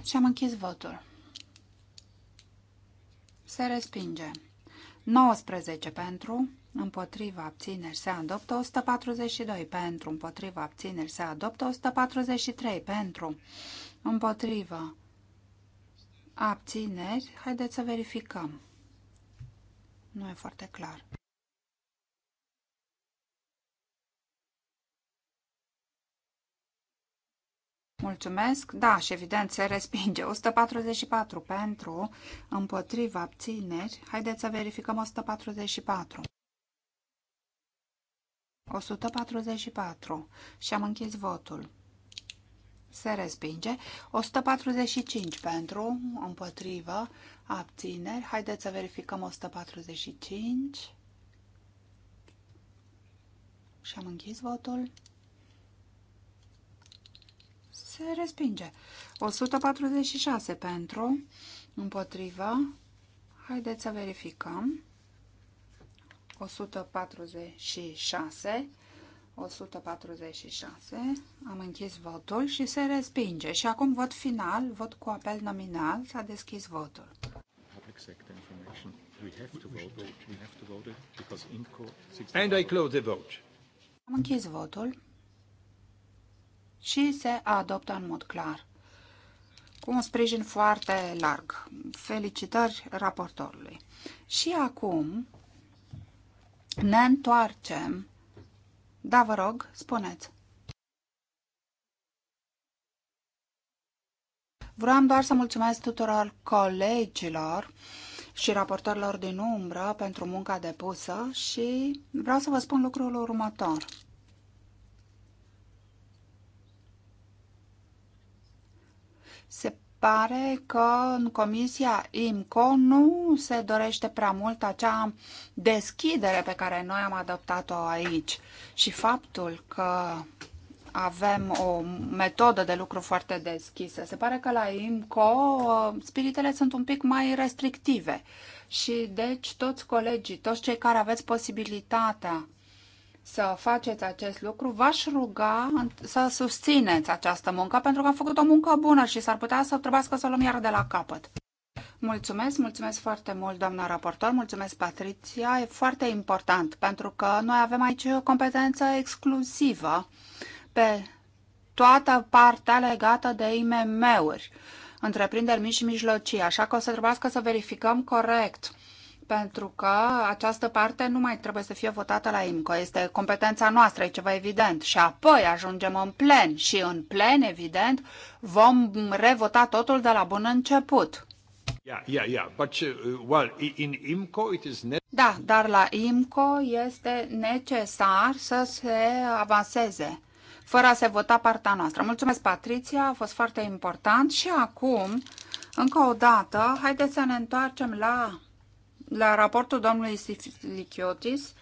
Și am închis votul. Se respinge. 19 pentru, împotriva abțineri se adoptă 142 pentru, împotriva abțineri se adoptă 143 pentru, împotriva abțineri, haideți să verificăm. Nu e foarte clar. Mulțumesc. Da, și evident se respinge. 144 pentru, împotriva abțineri. Haideți să verificăm 144. 144. Și am închis votul. Se respinge. 145 pentru, împotrivă, abțineri. Haideți să verificăm 145. Și am închis votul. Se respinge. 146 pentru, împotrivă. Haideți să verificăm. 146. 146. Am închis votul și se respinge. Și acum vot final, vot cu apel nominal, s-a deschis votul. And I close the vote. Am închis votul și se adoptă în mod clar. Cu un sprijin foarte larg. Felicitări raportorului. Și acum ne întoarcem. Da, vă rog, spuneți. Vreau doar să mulțumesc tuturor colegilor și raportorilor din umbră pentru munca depusă și vreau să vă spun lucrul următor. Se pare că în Comisia IMCO nu se dorește prea mult acea deschidere pe care noi am adoptat-o aici și faptul că avem o metodă de lucru foarte deschisă. Se pare că la IMCO uh, spiritele sunt un pic mai restrictive și deci toți colegii, toți cei care aveți posibilitatea să faceți acest lucru, v-aș ruga să susțineți această muncă, pentru că am făcut o muncă bună și s-ar putea să trebuiască să o luăm iar de la capăt. Mulțumesc, mulțumesc foarte mult, doamna raportor, mulțumesc, Patricia. E foarte important, pentru că noi avem aici o competență exclusivă pe toată partea legată de IMM-uri, întreprinderi mici și mijlocii, așa că o să trebuiască să verificăm corect pentru că această parte nu mai trebuie să fie votată la IMCO. Este competența noastră, e ceva evident. Și apoi ajungem în plen și în plen, evident, vom revota totul de la bun început. Yeah, yeah, yeah. But, uh, well, in IMCO it is da, dar la IMCO este necesar să se avanseze fără a se vota partea noastră. Mulțumesc, Patricia, a fost foarte important și acum, încă o dată, haideți să ne întoarcem la la raportul domnului Siflichiotis,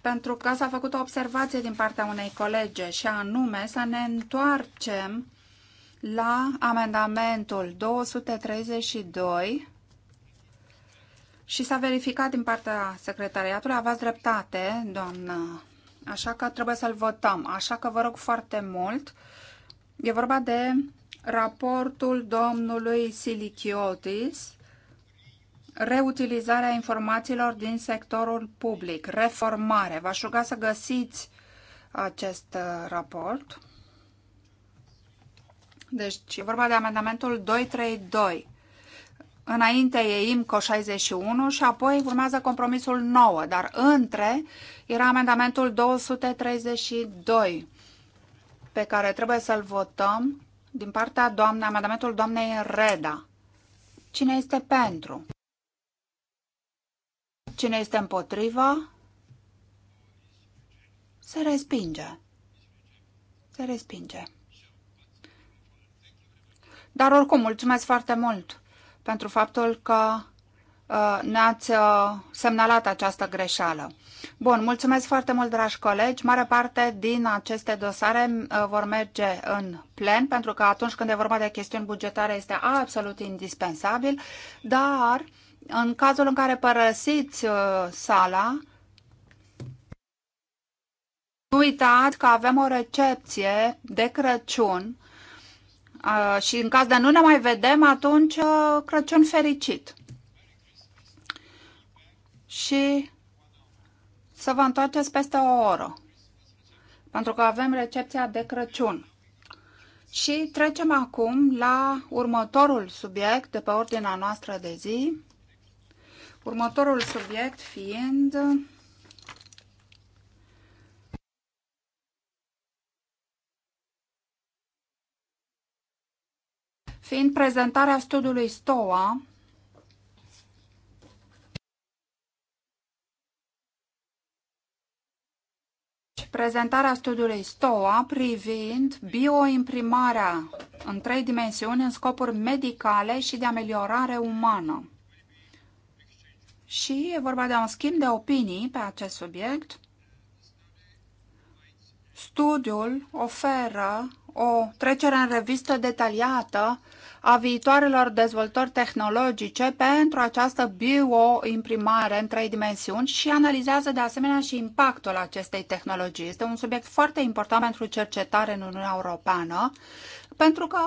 pentru că s-a făcut o observație din partea unei colege și anume să ne întoarcem la amendamentul 232 și s-a verificat din partea secretariatului, aveați dreptate, doamnă, așa că trebuie să-l votăm. Așa că vă rog foarte mult, e vorba de raportul domnului Silichiotis reutilizarea informațiilor din sectorul public, reformare. V-aș ruga să găsiți acest uh, raport. Deci e vorba de amendamentul 232. Înainte e IMCO 61 și apoi urmează compromisul 9, dar între era amendamentul 232 pe care trebuie să-l votăm din partea doamnei, amendamentul doamnei Reda. Cine este pentru? Cine este împotriva? Se respinge. Se respinge. Dar oricum, mulțumesc foarte mult pentru faptul că uh, ne-ați uh, semnalat această greșeală. Bun, mulțumesc foarte mult, dragi colegi. Mare parte din aceste dosare uh, vor merge în plen, pentru că atunci când e vorba de chestiuni bugetare este absolut indispensabil, dar uh, în cazul în care părăsiți uh, sala, nu uitați că avem o recepție de Crăciun uh, și în caz de nu ne mai vedem, atunci uh, Crăciun fericit. Și să vă întoarceți peste o oră, pentru că avem recepția de Crăciun. Și trecem acum la următorul subiect de pe ordinea noastră de zi. Următorul subiect fiind fiind prezentarea studiului STOA prezentarea studiului STOA privind bioimprimarea în trei dimensiuni în scopuri medicale și de ameliorare umană și e vorba de un schimb de opinii pe acest subiect. Studiul oferă o trecere în revistă detaliată a viitoarelor dezvoltări tehnologice pentru această bioimprimare în trei dimensiuni și analizează de asemenea și impactul acestei tehnologii. Este un subiect foarte important pentru cercetare în Uniunea Europeană pentru că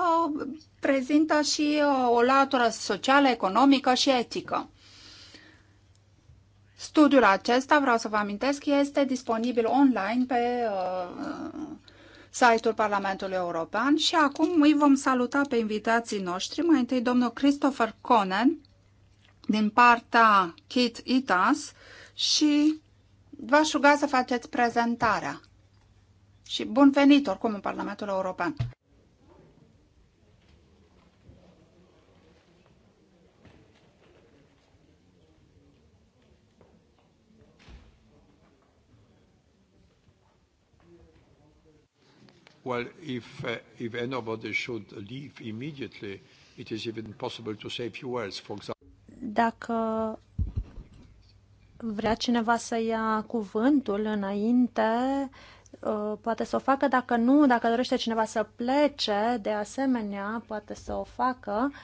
prezintă și uh, o latură socială, economică și etică. Studiul acesta, vreau să vă amintesc, este disponibil online pe uh, site-ul Parlamentului European și acum îi vom saluta pe invitații noștri, mai întâi domnul Christopher Conen din partea Kit Itas și v-aș ruga să faceți prezentarea. Și bun venit oricum în Parlamentul European. Well, if, uh, if anybody should leave immediately, it is even possible to say a few words, for example. Dacă vrea cineva să ia cuvântul înainte, uh, poate să o facă, dacă nu, dacă dorește cineva să plece, de asemenea, poate să o facă. Uh,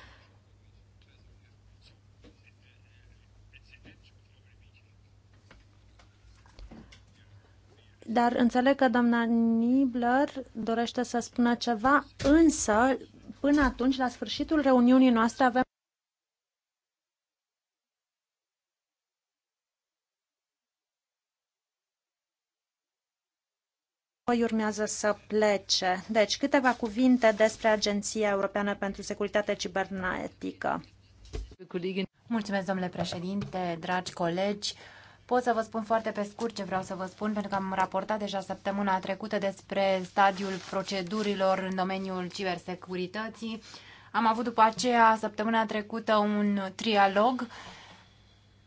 Dar înțeleg că doamna Nibler dorește să spună ceva, însă până atunci, la sfârșitul reuniunii noastre, avem Apoi urmează să plece. Deci, câteva cuvinte despre Agenția Europeană pentru Securitate Cibernetică. Mulțumesc, domnule președinte, dragi colegi. Pot să vă spun foarte pe scurt ce vreau să vă spun, pentru că am raportat deja săptămâna trecută despre stadiul procedurilor în domeniul cibersecurității. Am avut după aceea săptămâna trecută un trialog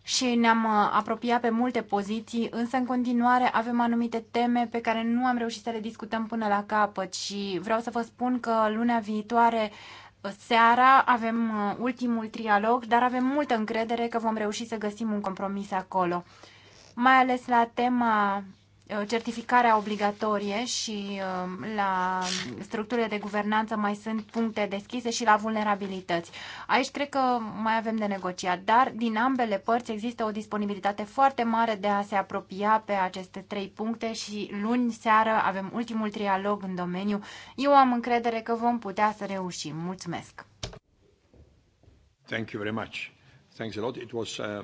și ne-am uh, apropiat pe multe poziții, însă în continuare avem anumite teme pe care nu am reușit să le discutăm până la capăt și vreau să vă spun că luna viitoare seara avem uh, ultimul trialog, dar avem multă încredere că vom reuși să găsim un compromis acolo. Mai ales la tema Uh, certificarea obligatorie și um, la structurile de guvernanță mai sunt puncte deschise și la vulnerabilități. Aici cred că mai avem de negociat, dar din ambele părți există o disponibilitate foarte mare de a se apropia pe aceste trei puncte și luni seară avem ultimul trialog în domeniu. Eu am încredere că vom putea să reușim. Mulțumesc! Thank you very much. Thanks a lot. It was, uh...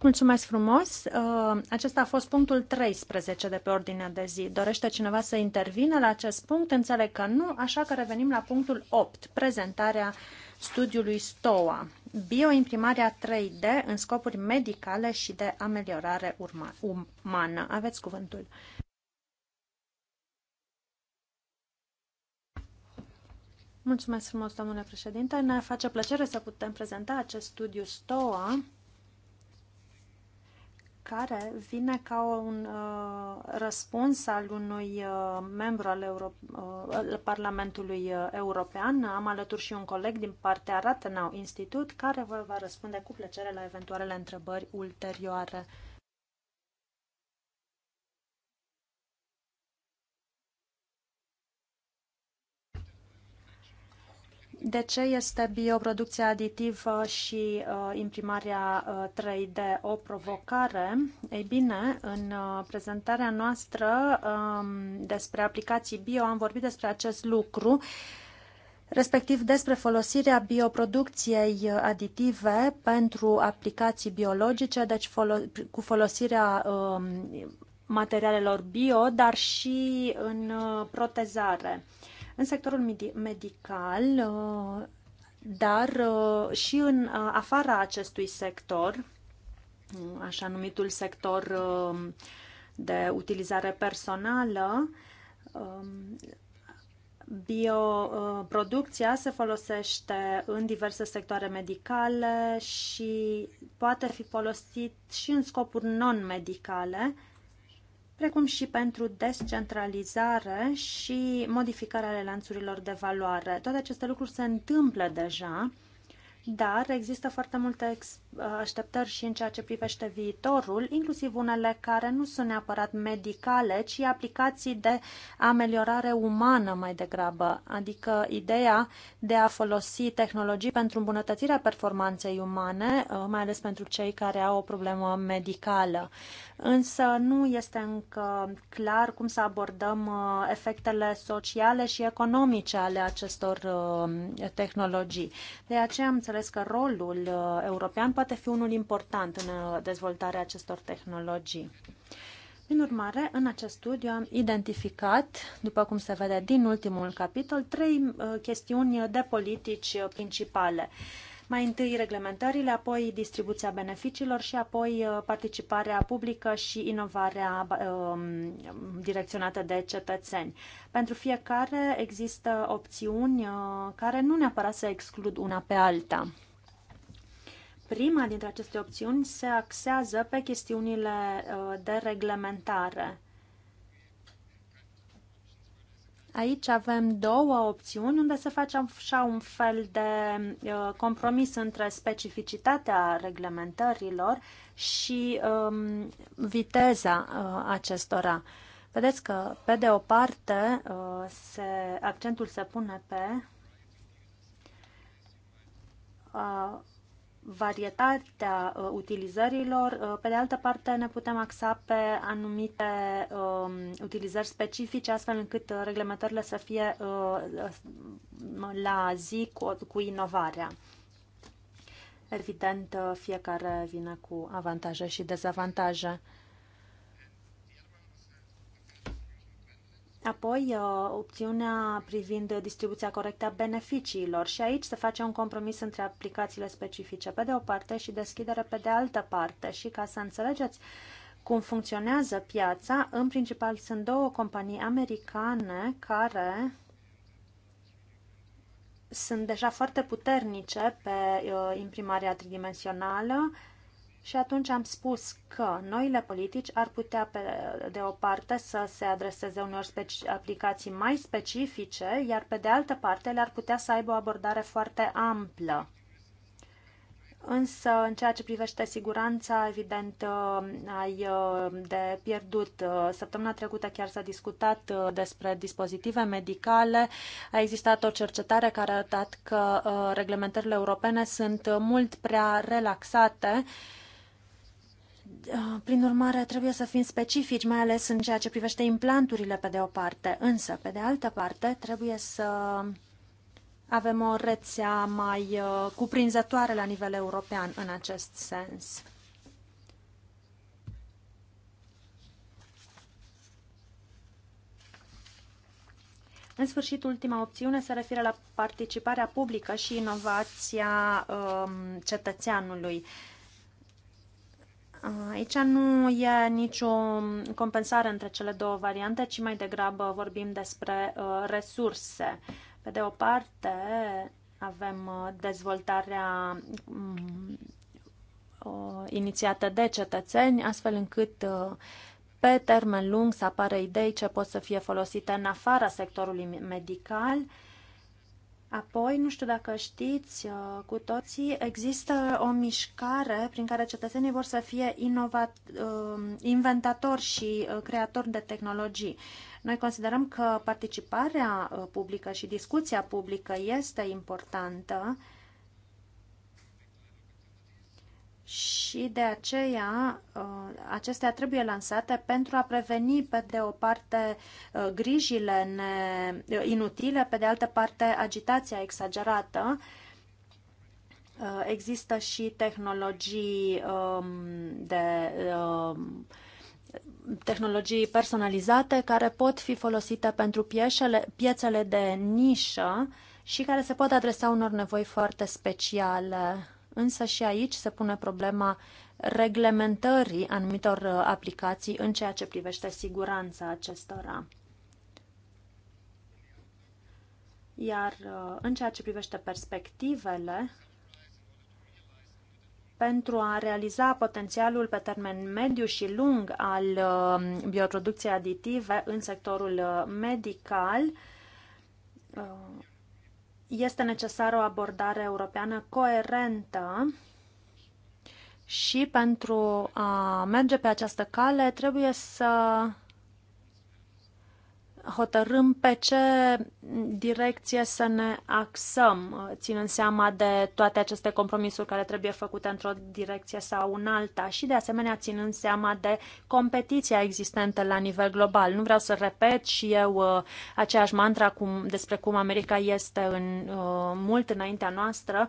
Mulțumesc frumos. Uh, acesta a fost punctul 13 de pe ordinea de zi. Dorește cineva să intervină la acest punct? Înțeleg că nu, așa că revenim la punctul 8, prezentarea studiului STOA, bioimprimarea 3D în scopuri medicale și de ameliorare umană. Aveți cuvântul. Mulțumesc frumos, domnule președinte. Ne face plăcere să putem prezenta acest studiu STOA, care vine ca un uh, răspuns al unui uh, membru al Euro- uh, Parlamentului uh, European. Am alături și un coleg din partea Rathenau Institut, care vă va răspunde cu plăcere la eventualele întrebări ulterioare. de ce este bioproducția aditivă și uh, imprimarea uh, 3D o provocare? Ei bine, în uh, prezentarea noastră um, despre aplicații bio am vorbit despre acest lucru, respectiv despre folosirea bioproducției uh, aditive pentru aplicații biologice, deci folo- cu folosirea um, materialelor bio, dar și în uh, protezare. Uh, în sectorul medical, uh, dar uh, și în uh, afara acestui sector, așa numitul sector de utilizare personală, um, bioproducția se folosește în diverse sectoare medicale și poate fi folosit și în scopuri non-medicale, precum și pentru descentralizare și modificarea ale lanțurilor de valoare. Toate aceste lucruri se întâmplă deja dar există foarte multe așteptări și în ceea ce privește viitorul, inclusiv unele care nu sunt neapărat medicale, ci aplicații de ameliorare umană mai degrabă, adică ideea de a folosi tehnologii pentru îmbunătățirea performanței umane, uh, mai ales pentru cei care au o problemă medicală. Însă nu este încă clar cum să abordăm uh, efectele sociale și economice ale acestor uh, tehnologii. De aceea am să înțeles că rolul uh, european poate fi unul important în uh, dezvoltarea acestor tehnologii. Prin urmare, în acest studiu am identificat, după cum se vede din ultimul capitol, trei uh, chestiuni de politici principale. Mai întâi reglementările, apoi distribuția beneficiilor și apoi uh, participarea publică și inovarea um, direcționată de cetățeni. Pentru fiecare există opțiuni uh, care nu neapărat să exclud una pe alta. Prima dintre aceste opțiuni se axează pe chestiunile uh, de reglementare Aici avem două opțiuni unde se face așa un fel de uh, compromis între specificitatea reglementărilor și um, viteza uh, acestora. Vedeți că, pe de o parte, uh, se, accentul se pune pe uh, varietatea uh, utilizărilor. Uh, pe de altă parte, ne putem axa pe anumite uh, utilizări specifice, astfel încât uh, reglementările să fie uh, uh, la zi cu, cu inovarea. Evident, uh, fiecare vine cu avantaje și dezavantaje. Apoi, uh, opțiunea privind distribuția corectă a beneficiilor și aici se face un compromis între aplicațiile specifice pe de o parte și deschidere pe de altă parte. Și ca să înțelegeți cum funcționează piața, în principal sunt două companii americane care sunt deja foarte puternice pe uh, imprimarea tridimensională, și atunci am spus că noile politici ar putea, pe de o parte, să se adreseze unor aplicații mai specifice, iar pe de altă parte le-ar putea să aibă o abordare foarte amplă. Însă, în ceea ce privește siguranța, evident, uh, ai uh, de pierdut. Uh, săptămâna trecută chiar s-a discutat despre dispozitive medicale. A existat o cercetare care a arătat că reglementările europene sunt mult prea relaxate Ah, prin urmare, trebuie să fim specifici, mai ales în ceea ce privește implanturile, pe de o parte. Însă, pe de altă parte, trebuie să avem o rețea mai ah, cuprinzătoare la nivel european în acest sens. În sfârșit, ultima opțiune se referă la participarea publică și inovația um, cetățeanului. Uh, Aici nu e nicio compensare între cele două variante, ci mai degrabă vorbim despre uh, resurse. Pe de o parte, avem uh, dezvoltarea mm, uh, inițiată de cetățeni, astfel încât pe termen lung să apară idei ce pot să fie folosite în afara sectorului medical, uh, Apoi, nu știu dacă știți uh, cu toții, există o mișcare prin care cetățenii vor să fie inovat, um, inventatori și uh, creatori de tehnologii. Noi considerăm că participarea uh, publică și discuția publică este importantă și de aceea uh, acestea trebuie lansate pentru a preveni pe de o parte uh, grijile uh, inutile, pe de altă parte agitația exagerată. Există și tehnologii um, de um, tehnologii personalizate care pot fi folosite pentru pieșele, piețele de nișă și care se pot adresa unor nevoi foarte speciale însă și aici se pune problema reglementării anumitor uh, aplicații în ceea ce privește siguranța acestora. Iar uh, în ceea ce privește perspectivele, pentru a realiza potențialul pe termen mediu și lung al uh, bioproducției aditive în sectorul medical, este necesară o abordare europeană coerentă și pentru a merge pe această cale trebuie să hotărâm pe ce direcție să ne axăm, ținând seama de toate aceste compromisuri care trebuie făcute într-o direcție sau în alta și, de asemenea, ținând seama de competiția existentă la nivel global. Nu vreau să repet și eu uh, aceeași mantra cum, despre cum America este în, uh, mult înaintea noastră,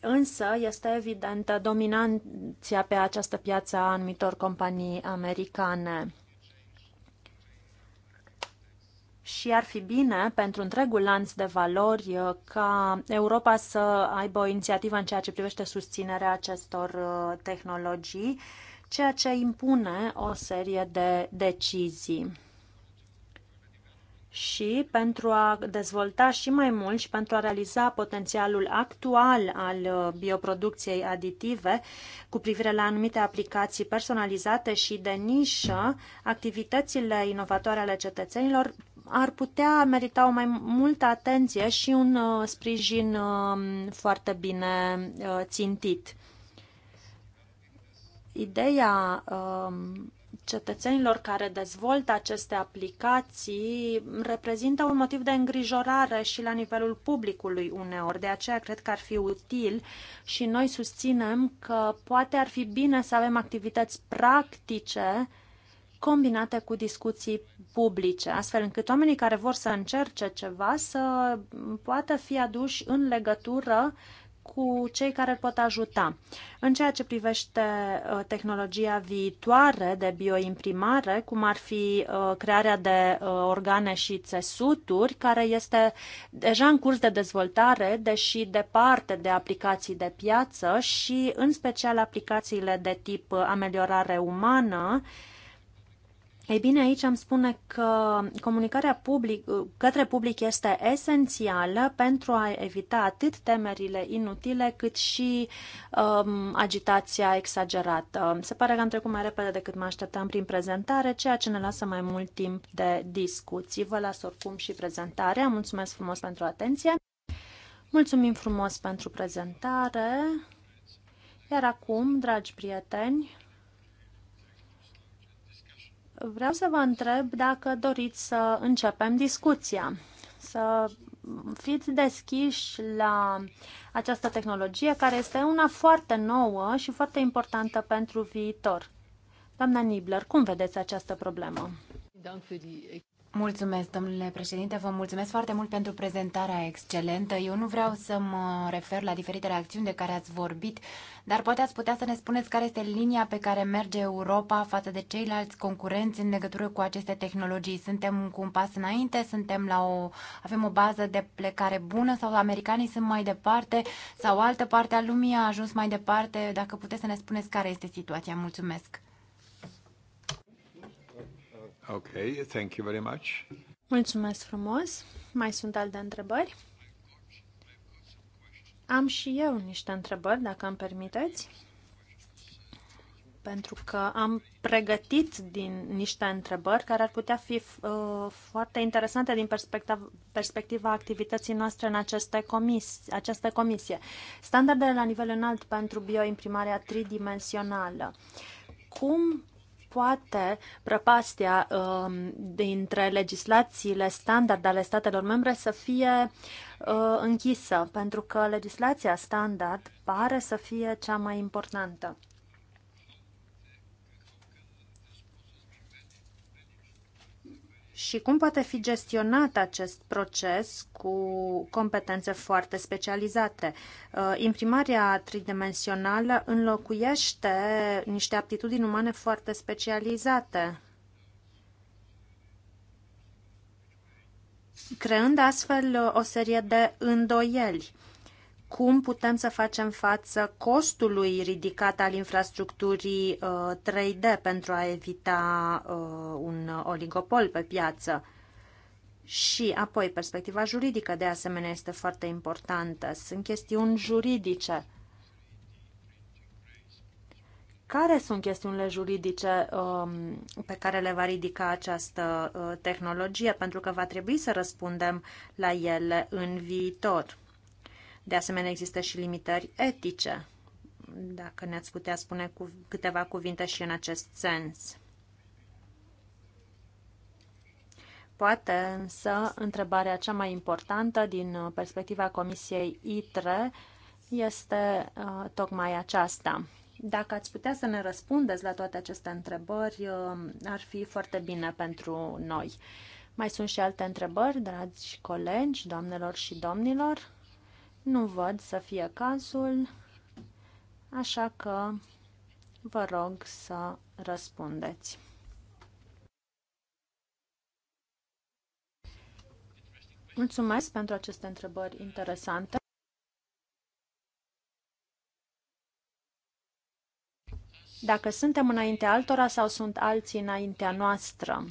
însă este evidentă dominanția pe această piață a anumitor companii americane și ar fi bine pentru întregul lanț de valori uh, ca Europa să aibă o inițiativă în ceea ce privește susținerea acestor uh, tehnologii, ceea ce impune o serie de decizii. Și pentru a dezvolta și mai mult și pentru a realiza potențialul actual al uh, bioproducției aditive cu privire la anumite aplicații personalizate și de nișă, activitățile inovatoare ale cetățenilor ar putea merita o mai multă atenție și un uh, sprijin uh, foarte bine uh, țintit. Ideea uh, cetățenilor care dezvoltă aceste aplicații reprezintă un motiv de îngrijorare și la nivelul publicului uneori. De aceea cred că ar fi util și noi susținem că poate ar fi bine să avem activități practice combinate cu discuții publice, astfel încât oamenii care vor să încerce ceva să poată fi aduși în legătură cu cei care pot ajuta. În ceea ce privește uh, tehnologia viitoare de bioimprimare, cum ar fi uh, crearea de uh, organe și țesuturi, care este deja în curs de dezvoltare, deși departe de aplicații de piață și în special aplicațiile de tip ameliorare umană, ei bine, aici am spune că comunicarea public, către public este esențială pentru a evita atât temerile inutile cât și um, agitația exagerată. Se pare că am trecut mai repede decât mă așteptam prin prezentare, ceea ce ne lasă mai mult timp de discuții. Vă las oricum și prezentarea. Mulțumesc frumos pentru atenție. Mulțumim frumos pentru prezentare. Iar acum, dragi prieteni, Vreau să vă întreb dacă doriți să începem discuția, să fiți deschiși la această tehnologie care este una foarte nouă și foarte importantă pentru viitor. Doamna Nibler, cum vedeți această problemă? Mulțumesc, domnule președinte, vă mulțumesc foarte mult pentru prezentarea excelentă. Eu nu vreau să mă refer la diferitele acțiuni de care ați vorbit, dar poate ați putea să ne spuneți care este linia pe care merge Europa față de ceilalți concurenți în legătură cu aceste tehnologii. Suntem cu un pas înainte, suntem la o, avem o bază de plecare bună sau americanii sunt mai departe sau altă parte a lumii a ajuns mai departe? Dacă puteți să ne spuneți care este situația. Mulțumesc! Ok, thank you very much. Mulțumesc frumos. Mai sunt alte întrebări? Am și eu niște întrebări, dacă îmi permiteți, pentru că am pregătit din niște întrebări care ar putea fi uh, foarte interesante din perspectiva, perspectiva activității noastre în aceste comisi, această comisie. Standardele la nivel înalt pentru bioimprimarea tridimensională. Cum poate prăpastia uh, dintre legislațiile standard ale statelor membre să fie Uh, închisă, pentru că legislația standard pare să fie cea mai importantă. Și cum poate fi gestionat acest proces cu competențe foarte specializate? Uh, Imprimarea tridimensională înlocuiește niște aptitudini umane foarte specializate. creând astfel uh, o serie de îndoieli. Cum putem să facem față costului ridicat al infrastructurii 3D uh, pentru a evita uh, un oligopol pe piață? Și apoi, perspectiva juridică de asemenea este foarte importantă. Sunt chestiuni juridice care sunt chestiunile juridice um, pe care le va ridica această uh, tehnologie, pentru că va trebui să răspundem la ele în viitor. De asemenea, există și limitări etice, dacă ne-ați putea spune cu câteva cuvinte și în acest sens. Poate însă întrebarea cea mai importantă din uh, perspectiva Comisiei ITRE este uh, tocmai aceasta. Dacă ați putea să ne răspundeți la toate aceste întrebări, uh, ar fi foarte bine pentru noi. Mai sunt și alte întrebări, dragi colegi, doamnelor și domnilor? Nu văd să fie cazul, așa că vă rog să răspundeți. Mulțumesc pentru aceste întrebări interesante. dacă suntem înainte altora sau sunt alții înaintea noastră.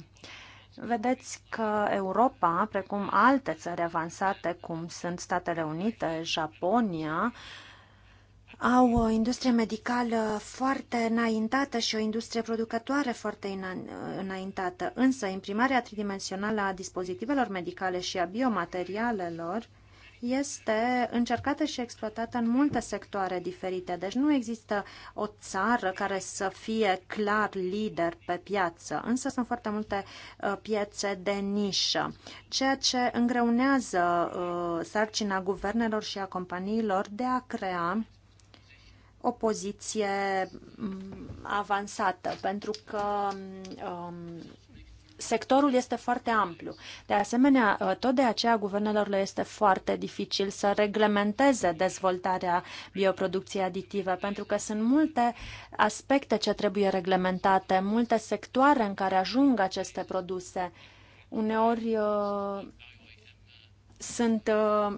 Vedeți că Europa, precum alte țări avansate, cum sunt Statele Unite, Japonia, au o industrie medicală foarte înaintată și o industrie producătoare foarte înaintată. Însă, imprimarea tridimensională a dispozitivelor medicale și a biomaterialelor este încercată și exploatată în multe sectoare diferite. Deci nu există o țară care să fie clar lider pe piață, însă sunt foarte multe uh, piețe de nișă, ceea ce îngreunează uh, sarcina guvernelor și a companiilor de a crea o poziție mm, avansată, pentru că um, sectorul este foarte amplu. De asemenea, ă, tot de aceea guvernelor le este foarte dificil să reglementeze dezvoltarea bioproducției aditive, pentru că sunt multe aspecte ce trebuie reglementate, multe sectoare în care ajung aceste produse. Uneori ă, sunt ă,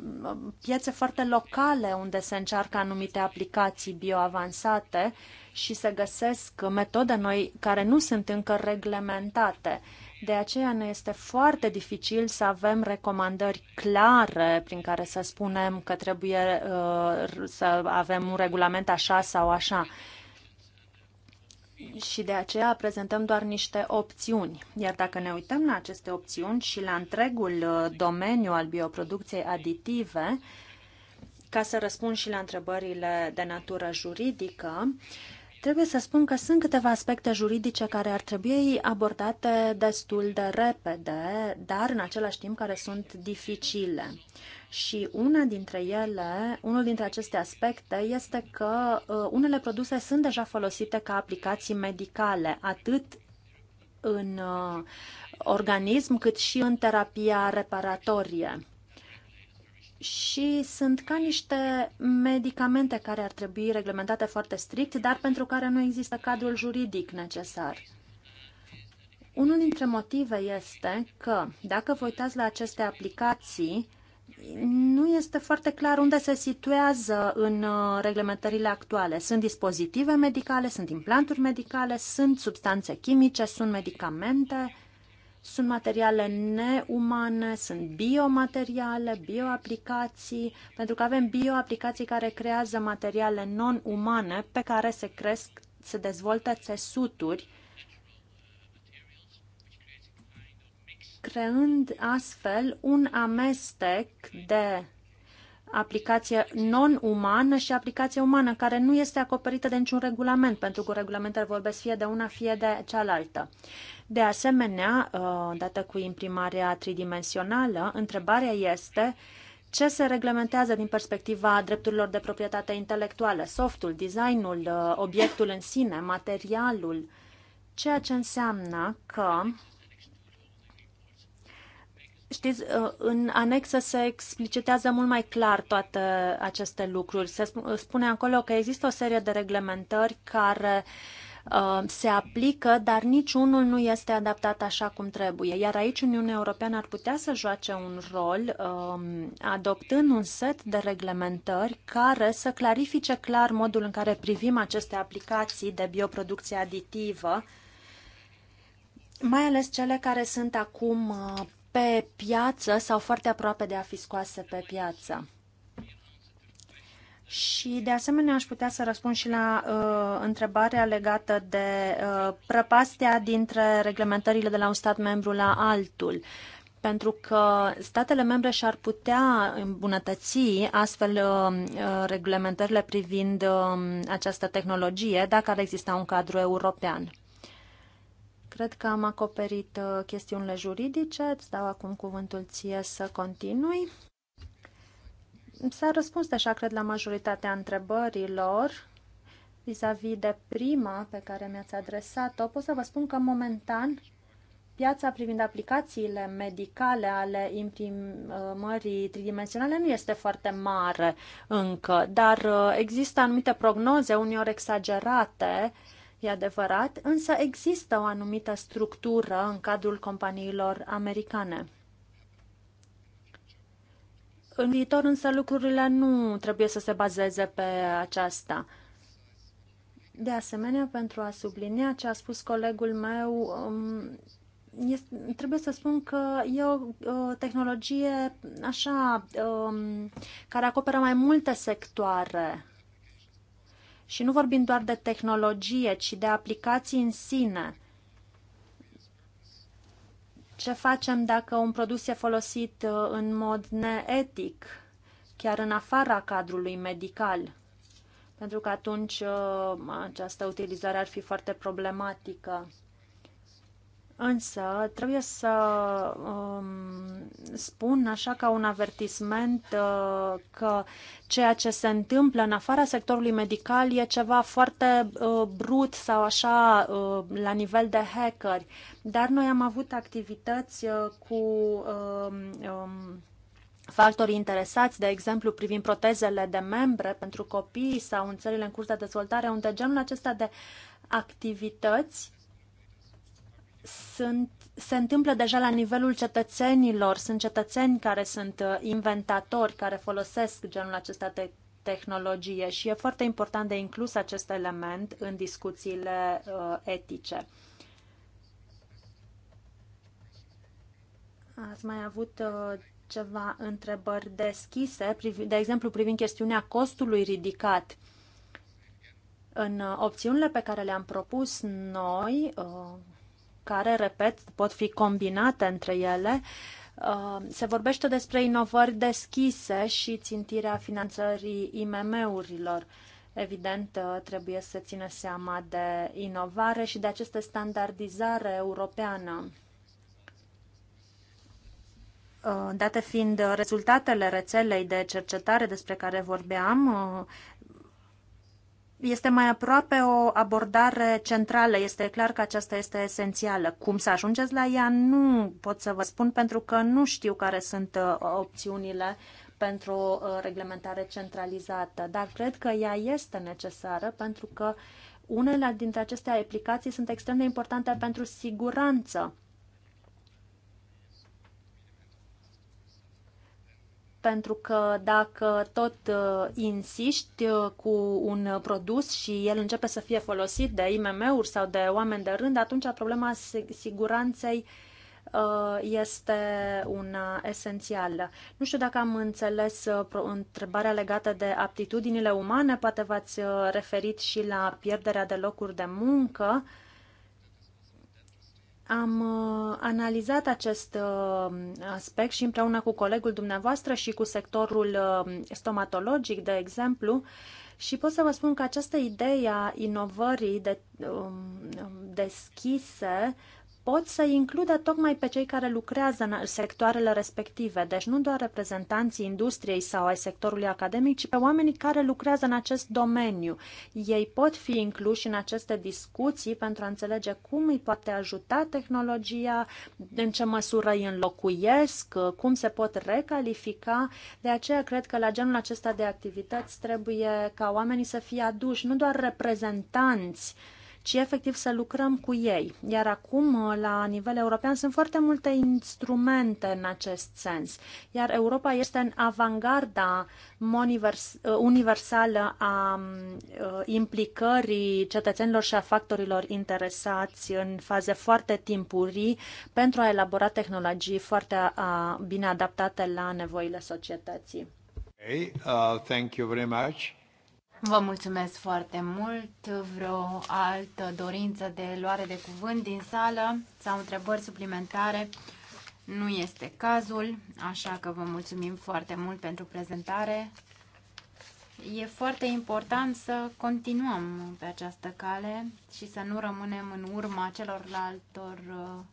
piețe foarte locale unde se încearcă anumite aplicații bioavansate și se găsesc metode noi care nu sunt încă reglementate. De aceea ne este foarte dificil să avem recomandări clare prin care să spunem că trebuie uh, să avem un regulament așa sau așa. Și de aceea prezentăm doar niște opțiuni. Iar dacă ne uităm la aceste opțiuni și la întregul uh, domeniu al bioproducției aditive, ca să răspund și la întrebările de natură juridică, uh, Trebuie să spun că sunt câteva aspecte juridice care ar trebui abordate destul de repede, dar în același timp care sunt dificile. Și una dintre ele, unul dintre aceste aspecte este că uh, unele produse sunt deja folosite ca aplicații medicale, atât în uh, organism cât și în terapia reparatorie și sunt ca niște medicamente care ar trebui reglementate foarte strict, dar pentru care nu există cadrul juridic necesar. Unul dintre motive este că, dacă vă uitați la aceste aplicații, nu este foarte clar unde se situează în uh, reglementările actuale. Sunt dispozitive medicale, sunt implanturi medicale, sunt substanțe chimice, sunt medicamente. Sunt materiale neumane, sunt biomateriale, bioaplicații, pentru că avem bioaplicații care creează materiale non-umane pe care se cresc, se dezvoltă țesuturi, creând astfel un amestec de aplicație non-umană și aplicație umană, care nu este acoperită de niciun regulament, pentru că regulamentele vorbesc fie de una, fie de cealaltă. De asemenea, uh, dată cu imprimarea tridimensională, întrebarea este ce se reglementează din perspectiva drepturilor de proprietate intelectuală, softul, designul, uh, obiectul în sine, materialul, ceea ce înseamnă că Știți, uh, în anexă se explicitează mult mai clar toate aceste lucruri. Se uh, spune acolo că există o serie de reglementări care uh, se aplică, dar niciunul nu este adaptat așa cum trebuie. Iar aici Uniunea Europeană ar putea să joace un rol um, adoptând un set de reglementări care să clarifice clar modul în care privim aceste aplicații de bioproducție aditivă mai ales cele care sunt acum pe piață sau foarte aproape de a fi scoase pe piață. Și, de asemenea, aș putea să răspund și la uh, întrebarea legată de uh, prăpastia dintre reglementările de la un stat membru la altul. Pentru că statele membre și-ar putea îmbunătăți astfel uh, uh reglementările privind uh, această tehnologie dacă ar exista un cadru european. Cred că am acoperit uh, chestiunile juridice. Îți dau acum cuvântul ție să continui. S-a răspuns deja, cred, la majoritatea întrebărilor vis-a-vis -vis de prima pe care mi-ați adresat-o. Pot să vă spun că momentan piața privind aplicațiile medicale ale imprimării tridimensionale nu este foarte mare încă, dar uh, există anumite prognoze, uneori exagerate, uh, e adevărat, însă există o anumită structură în cadrul companiilor americane. În viitor însă lucrurile nu trebuie să se bazeze pe aceasta. De asemenea, pentru a sublinia ce a spus colegul meu, um, trebuie să spun că e o, tehnologie așa, um, care acoperă mai multe sectoare. Și nu vorbim doar de tehnologie, ci de aplicații în sine. Ce facem dacă un produs e folosit uh, în mod neetic, chiar în afara cadrului medical? Pentru că atunci uh, această utilizare ar fi foarte problematică. Însă trebuie să um, spun așa ca un avertisment uh, că ceea ce se întâmplă în afara sectorului medical e ceva foarte uh, brut sau așa uh, la nivel de hackeri. Dar noi am avut activități uh, cu uh, um, factorii interesați, de exemplu privind protezele de membre pentru copii sau în țările în curs de dezvoltare, unde genul acesta de activități sunt, se întâmplă deja la nivelul cetățenilor. Sunt cetățeni care sunt uh, inventatori, care folosesc genul acesta de tehnologie și e foarte important de inclus acest element în discuțiile uh, etice. Ați mai avut uh, ceva întrebări deschise, de exemplu privind chestiunea costului ridicat. În uh, opțiunile pe care le-am propus noi, uh, care, repet, pot fi combinate între ele. Uh, se vorbește despre inovări deschise și țintirea finanțării IMM-urilor. Evident, uh, trebuie să țină seama de inovare și de această standardizare europeană. Uh, date fiind rezultatele rețelei de cercetare despre care vorbeam, este mai aproape o abordare centrală. Este clar că aceasta este esențială. Cum să ajungeți la ea nu pot să vă spun pentru că nu știu care sunt uh, opțiunile pentru o uh, reglementare centralizată, dar cred că ea este necesară pentru că unele dintre aceste aplicații sunt extrem de importante pentru siguranță pentru că dacă tot uh, insiști uh, cu un produs și el începe să fie folosit de IMM-uri sau de oameni de rând, atunci problema siguranței uh, este una esențială. Nu știu dacă am înțeles întrebarea legată de aptitudinile umane, poate v-ați referit și la pierderea de locuri de muncă. Am uh, analizat acest uh, aspect și împreună cu colegul dumneavoastră și cu sectorul uh, stomatologic, de exemplu, și pot să vă spun că această idee a inovării de, um, deschise pot să includă tocmai pe cei care lucrează în sectoarele respective, deci nu doar reprezentanții industriei sau ai sectorului academic, ci pe oamenii care lucrează în acest domeniu. Ei pot fi incluși în aceste discuții pentru a înțelege cum îi poate ajuta tehnologia, în ce măsură îi înlocuiesc, cum se pot recalifica. De aceea cred că la genul acesta de activități trebuie ca oamenii să fie aduși, nu doar reprezentanți, ci efectiv să lucrăm cu ei. Iar acum, uh, la nivel european, sunt foarte multe instrumente în acest sens, iar Europa este în avangarda uh, universală a mm, uh, implicării cetățenilor și a factorilor interesați în faze foarte timpurii pentru a elabora tehnologii foarte bine adaptate la nevoile societății. Okay, uh, thank you very much. Vă mulțumesc foarte mult. Vreo altă dorință de luare de cuvânt din sală sau întrebări suplimentare? Nu este cazul, așa că vă mulțumim foarte mult pentru prezentare. E foarte important să continuăm pe această cale și să nu rămânem în urma celorlaltor uh,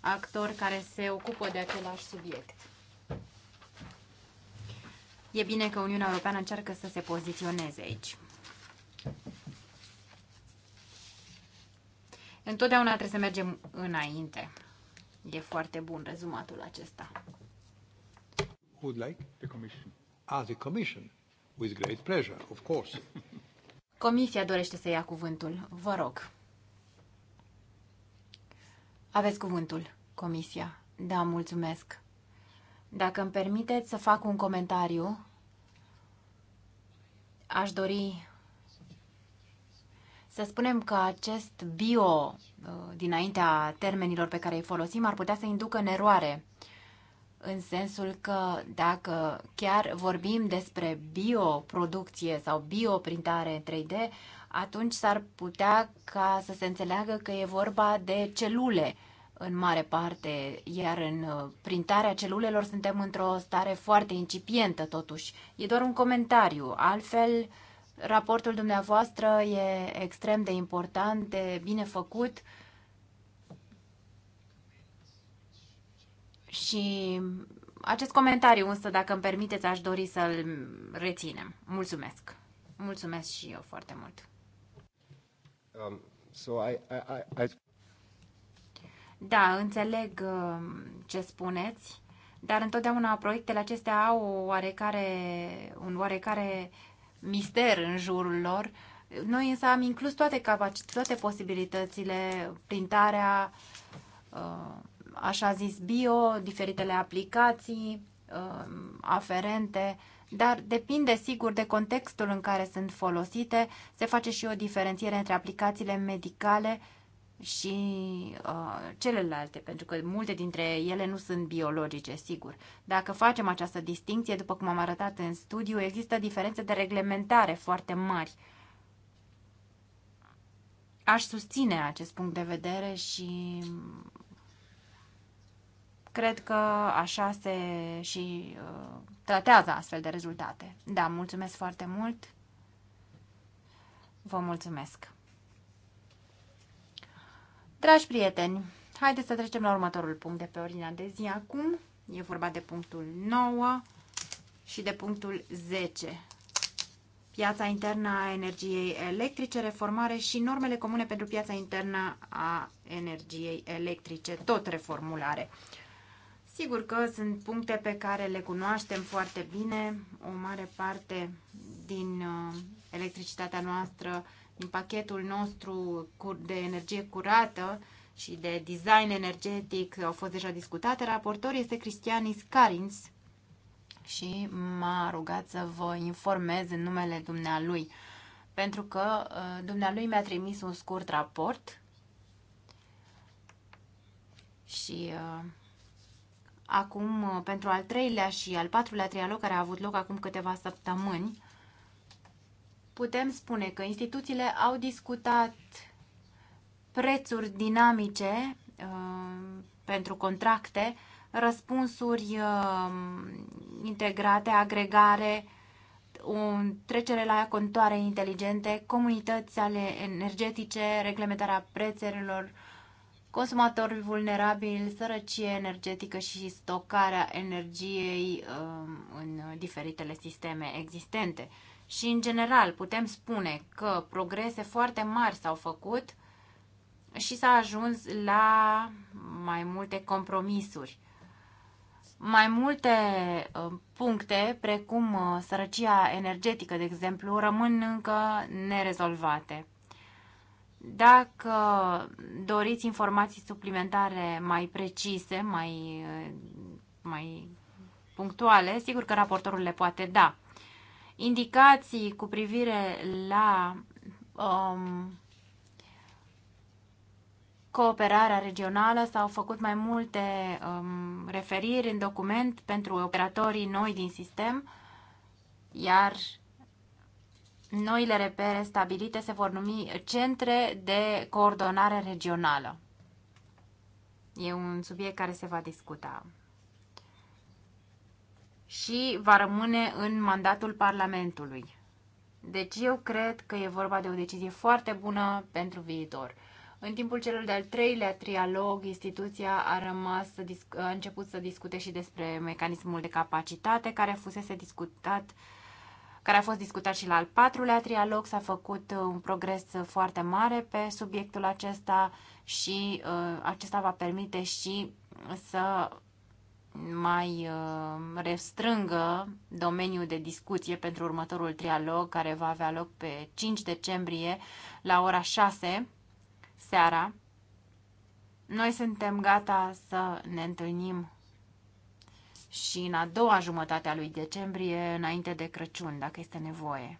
actori care se ocupă de același subiect. E bine că Uniunea Europeană încearcă să se poziționeze aici. Întotdeauna trebuie să mergem înainte. E foarte bun rezumatul acesta. Would like the commission. Ah, the commission. With great pleasure, of course. <laughs> Comisia dorește să ia cuvântul. Vă rog. Aveți cuvântul, Comisia. Da, mulțumesc. Dacă îmi permiteți să fac un comentariu, aș dori să spunem că acest bio, uh, dinaintea termenilor pe care îi folosim, ar putea să inducă în eroare, în sensul că dacă chiar vorbim despre bioproducție sau bioprintare 3D, atunci s-ar putea ca să se înțeleagă că e vorba de celule în mare parte, iar în uh, printarea celulelor suntem într-o stare foarte incipientă totuși. E doar un comentariu, altfel raportul dumneavoastră e extrem de important, de bine făcut și acest comentariu însă, dacă îmi permiteți, aș dori să-l reținem. Mulțumesc! Mulțumesc și eu foarte mult! Um, so I, I, I... Da, înțeleg uh, ce spuneți, dar întotdeauna proiectele acestea au o oarecare, un oarecare mister în jurul lor. Noi însă am inclus toate, capaci- toate posibilitățile, printarea, uh, așa zis bio, diferitele aplicații uh, aferente, dar depinde sigur de contextul în care sunt folosite, se face și o diferențiere între aplicațiile medicale și uh, celelalte, pentru că multe dintre ele nu sunt biologice, sigur. Dacă facem această distinție, după cum am arătat în studiu, există diferențe de reglementare foarte mari. Aș susține acest punct de vedere și cred că așa se și uh, tratează astfel de rezultate. Da, mulțumesc foarte mult. Vă mulțumesc. Dragi prieteni, haideți să trecem la următorul punct de pe ordinea de zi acum. E vorba de punctul 9 și de punctul 10. Piața internă a energiei electrice, reformare și normele comune pentru piața internă a energiei electrice, tot reformulare. Sigur că sunt puncte pe care le cunoaștem foarte bine. O mare parte din uh, electricitatea noastră din pachetul nostru de energie curată și de design energetic au fost deja discutate. Raportor este Cristianis Carins și m-a rugat să vă informez în numele dumnealui, pentru că uh, dumnealui mi-a trimis un scurt raport și uh, acum, uh, pentru al treilea și al patrulea trialog care a avut loc acum câteva săptămâni, putem spune că instituțiile au discutat prețuri dinamice uh, pentru contracte, răspunsuri uh, integrate, agregare, o trecere la contoare inteligente, comunități ale energetice, reglementarea prețurilor, consumatori vulnerabili, sărăcie energetică și stocarea energiei uh, în diferitele sisteme existente și, în general, putem spune că progrese foarte mari s-au făcut și s-a ajuns la mai multe compromisuri. Mai multe uh, puncte, precum uh, sărăcia energetică, de exemplu, rămân încă nerezolvate. Dacă doriți informații suplimentare mai precise, mai, uh, mai punctuale, sigur că raportorul le poate da indicații cu privire la um, cooperarea regională, s-au făcut mai multe um, referiri în document pentru operatorii noi din sistem, iar noile repere stabilite se vor numi centre de coordonare regională. E un subiect care se va discuta și va rămâne în mandatul Parlamentului. Deci eu cred că e vorba de o decizie foarte bună pentru viitor. În timpul celor de-al treilea trialog, instituția a, rămas, a început să discute și despre mecanismul de capacitate care fusese discutat care a fost discutat și la al patrulea trialog, s-a făcut uh, un progres foarte mare pe subiectul acesta și uh, acesta va permite și să mai uh, restrângă domeniul de discuție pentru următorul trialog care va avea loc pe 5 decembrie la ora 6 seara. Noi suntem gata să ne întâlnim și în a doua jumătate a lui decembrie, înainte de Crăciun, dacă este nevoie.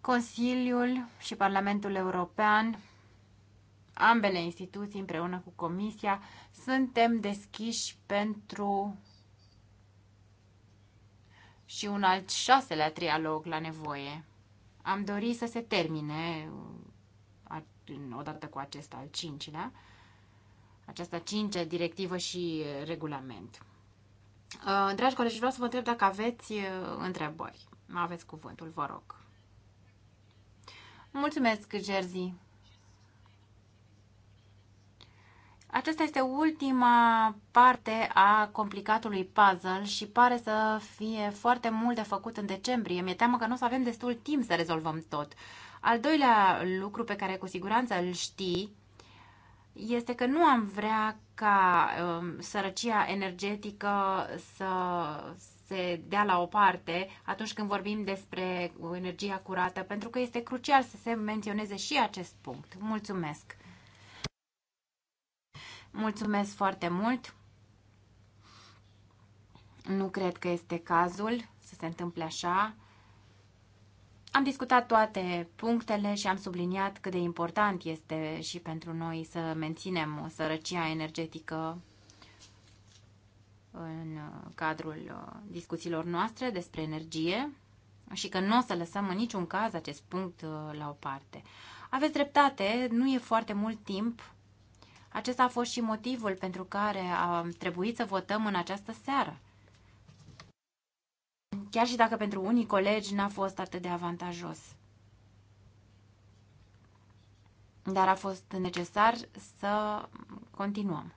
Consiliul și Parlamentul European ambele instituții împreună cu Comisia suntem deschiși pentru și un alt șaselea trialog la nevoie. Am dorit să se termine uh, odată cu acesta al cincilea, aceasta cincea directivă și uh, regulament. Uh, dragi colegi, vreau să vă întreb dacă aveți întrebări. Aveți cuvântul, vă rog. Mulțumesc, Jerzy. Aceasta este ultima parte a complicatului puzzle și pare să fie foarte mult de făcut în decembrie. Mi-e teamă că nu o să avem destul timp să rezolvăm tot. Al doilea lucru pe care cu siguranță îl știi este că nu am vrea ca um, sărăcia energetică să se dea la o parte atunci când vorbim despre energia curată, pentru că este crucial să se menționeze și acest punct. Mulțumesc! Mulțumesc foarte mult! Nu cred că este cazul să se întâmple așa. Am discutat toate punctele și am subliniat cât de important este și pentru noi să menținem o sărăcia energetică în uh, cadrul uh, discuțiilor noastre despre energie și că nu o să lăsăm în niciun caz acest punct uh, la o parte. Aveți dreptate, nu e foarte mult timp acesta a fost și motivul pentru care a trebuit să votăm în această seară. Chiar și dacă pentru unii colegi n-a fost atât de avantajos. Dar a fost necesar să continuăm.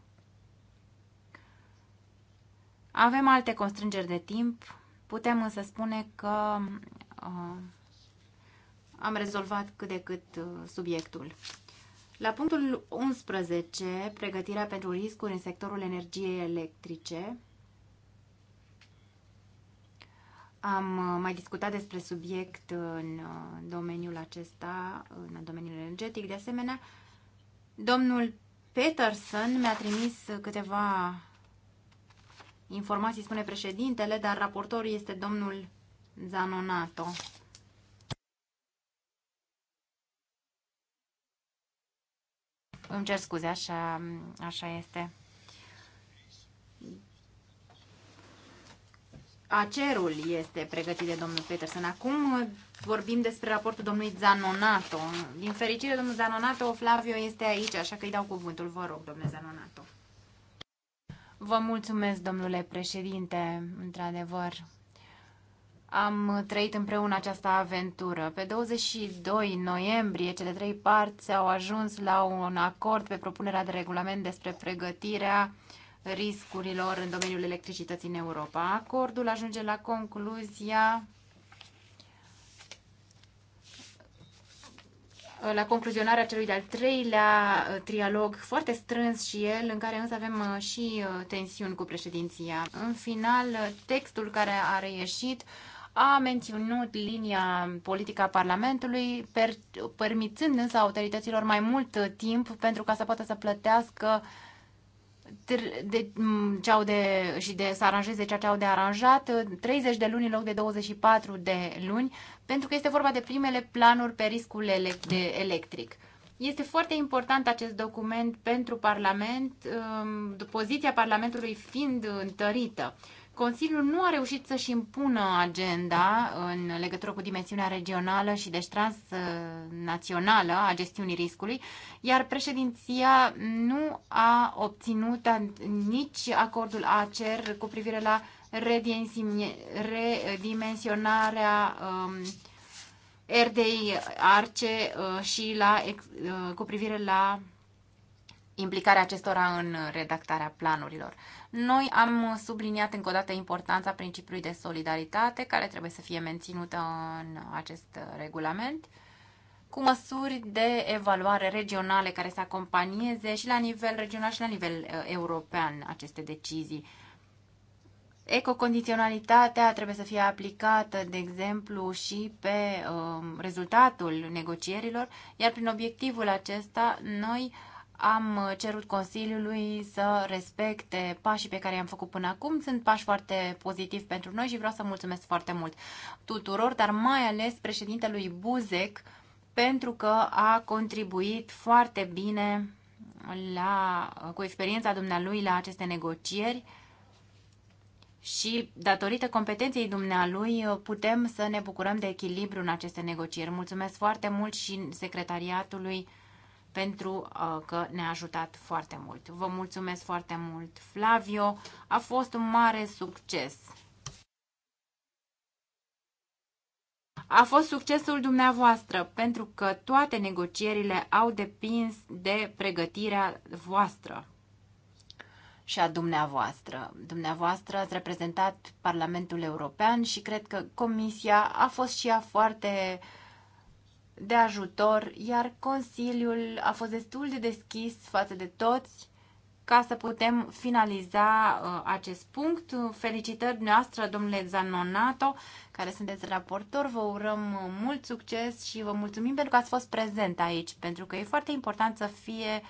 Avem alte constrângeri de timp, putem însă spune că uh, am rezolvat cât de cât uh, subiectul. La punctul 11, pregătirea pentru riscuri în sectorul energiei electrice, am uh, mai discutat despre subiect în uh, domeniul acesta, în domeniul energetic. De asemenea, domnul Peterson mi-a trimis câteva informații, spune președintele, dar raportorul este domnul Zanonato. Îmi cer scuze, așa, așa este. Acerul este pregătit de domnul Peterson. Acum vorbim despre raportul domnului Zanonato. Din fericire, domnul Zanonato, Flavio este aici, așa că îi dau cuvântul. Vă rog, domnule Zanonato. Vă mulțumesc, domnule președinte, într-adevăr am trăit împreună această aventură. Pe 22 noiembrie, cele trei parți au ajuns la un acord pe propunerea de regulament despre pregătirea riscurilor în domeniul electricității în Europa. Acordul ajunge la concluzia la concluzionarea celui de-al treilea trialog foarte strâns și el, în care însă avem uh, și uh, tensiuni cu președinția. În final, textul care a reieșit a menținut linia politică a Parlamentului, per, permițând însă autorităților mai mult timp pentru ca să poată să plătească de, ce au de, și de să aranjeze ceea ce au de aranjat, 30 de luni în loc de 24 de luni, pentru că este vorba de primele planuri pe riscul de electric. Este foarte important acest document pentru Parlament, um, poziția Parlamentului fiind întărită. Consiliul nu a reușit să-și impună agenda în legătură cu dimensiunea regională și deci transnațională uh, a gestiunii riscului, iar președinția nu a obținut nici acordul ACER cu privire la redimensionarea um, RDI ARCE uh, și la, uh, cu privire la implicarea acestora în redactarea planurilor. Noi am subliniat încă o dată importanța principiului de solidaritate care trebuie să fie menținută în acest regulament cu măsuri de evaluare regionale care să acompanieze și la nivel regional și la nivel uh, european aceste decizii. Ecocondiționalitatea trebuie să fie aplicată, de exemplu, și pe uh, rezultatul negocierilor, iar prin obiectivul acesta noi uh, am uh, cerut Consiliului să respecte pașii pe care i-am făcut până acum. Sunt pași foarte pozitivi pentru noi și vreau să mulțumesc foarte mult tuturor, dar mai ales președintelui Buzek, pentru că a contribuit foarte bine la, uh, cu experiența dumnealui la aceste negocieri și datorită competenței dumnealui uh, putem să ne bucurăm de echilibru în aceste negocieri. Mulțumesc foarte mult și secretariatului pentru uh, că ne-a ajutat foarte mult. Vă mulțumesc foarte mult, Flavio. A fost un mare succes. A fost succesul dumneavoastră, pentru că toate negocierile au depins de pregătirea voastră și a dumneavoastră. Dumneavoastră ați reprezentat Parlamentul European și cred că Comisia a fost și ea foarte uh, de ajutor, iar Consiliul a fost destul de deschis față de toți ca să putem finaliza uh, acest punct. Felicitări noastră, domnule Zanonato, care sunteți raportor. Vă urăm uh, mult succes și vă mulțumim pentru că ați fost prezent aici, pentru că e foarte important să fie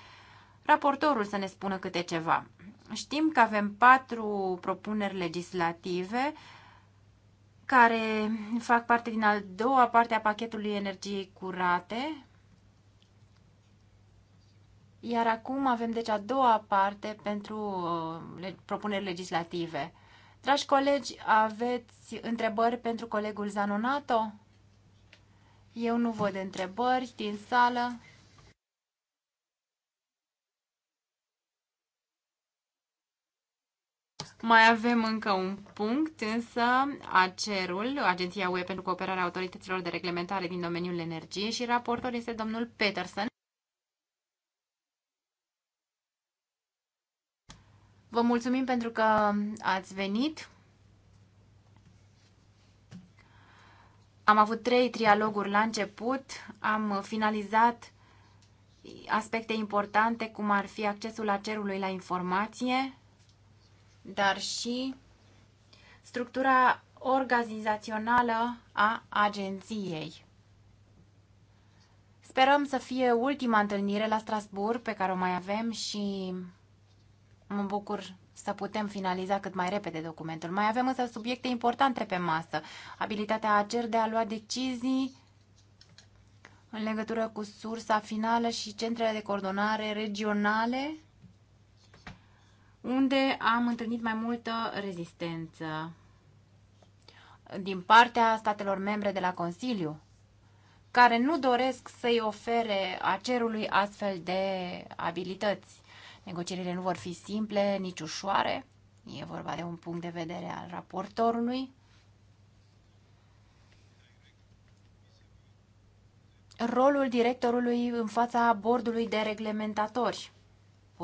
raportorul să ne spună câte ceva. Știm că avem patru propuneri legislative care fac parte din al doua parte a pachetului energiei curate. Iar acum avem deci a doua parte pentru uh, propuneri legislative. Dragi colegi, aveți întrebări pentru colegul Zanonato? Eu nu văd întrebări din sală. Mai avem încă un punct, însă ACER-ul, Agenția UE pentru Cooperarea Autorităților de Reglementare din domeniul energiei și raportor este domnul Peterson. Vă mulțumim pentru că ați venit. Am avut trei trialoguri la început, am finalizat aspecte importante, cum ar fi accesul acerului la informație, dar și structura organizațională a agenției. Sperăm să fie ultima întâlnire la Strasbourg pe care o mai avem și mă bucur să putem finaliza cât mai repede documentul. Mai avem însă subiecte importante pe masă. Abilitatea ACER de a lua decizii în legătură cu sursa finală și centrele de coordonare regionale unde am întâlnit mai multă rezistență din partea statelor membre de la Consiliu, care nu doresc să-i ofere acerului astfel de abilități. Negocierile nu vor fi simple, nici ușoare. E vorba de un punct de vedere al raportorului. Rolul directorului în fața bordului de reglementatori –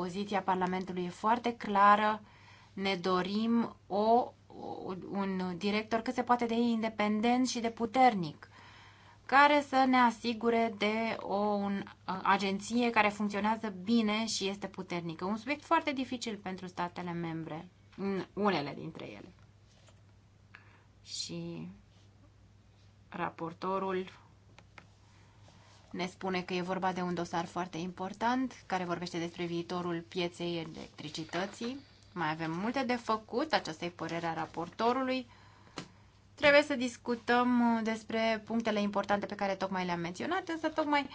Poziția Parlamentului e foarte clară. Ne dorim o, un director cât se poate de independent și de puternic care să ne asigure de o un, agenție care funcționează bine și este puternică. Un subiect foarte dificil pentru statele membre, unele dintre ele. Și raportorul ne spune că e vorba de un dosar foarte important care vorbește despre viitorul pieței electricității. Mai avem multe de făcut, aceasta e părerea raportorului. Trebuie să discutăm uh, despre punctele importante pe care tocmai le-am menționat, însă tocmai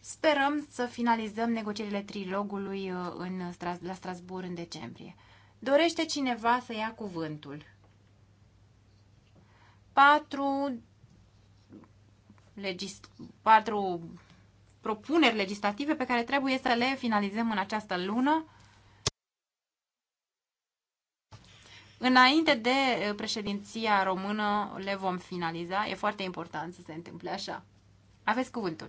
sperăm să finalizăm negocierile trilogului uh, în, la Strasbourg în decembrie. Dorește cineva să ia cuvântul? 4 legis- patru propuneri legislative pe care trebuie să le finalizăm în această lună. Înainte de uh, președinția română le vom finaliza. E foarte important să se întâmple așa. Aveți cuvântul.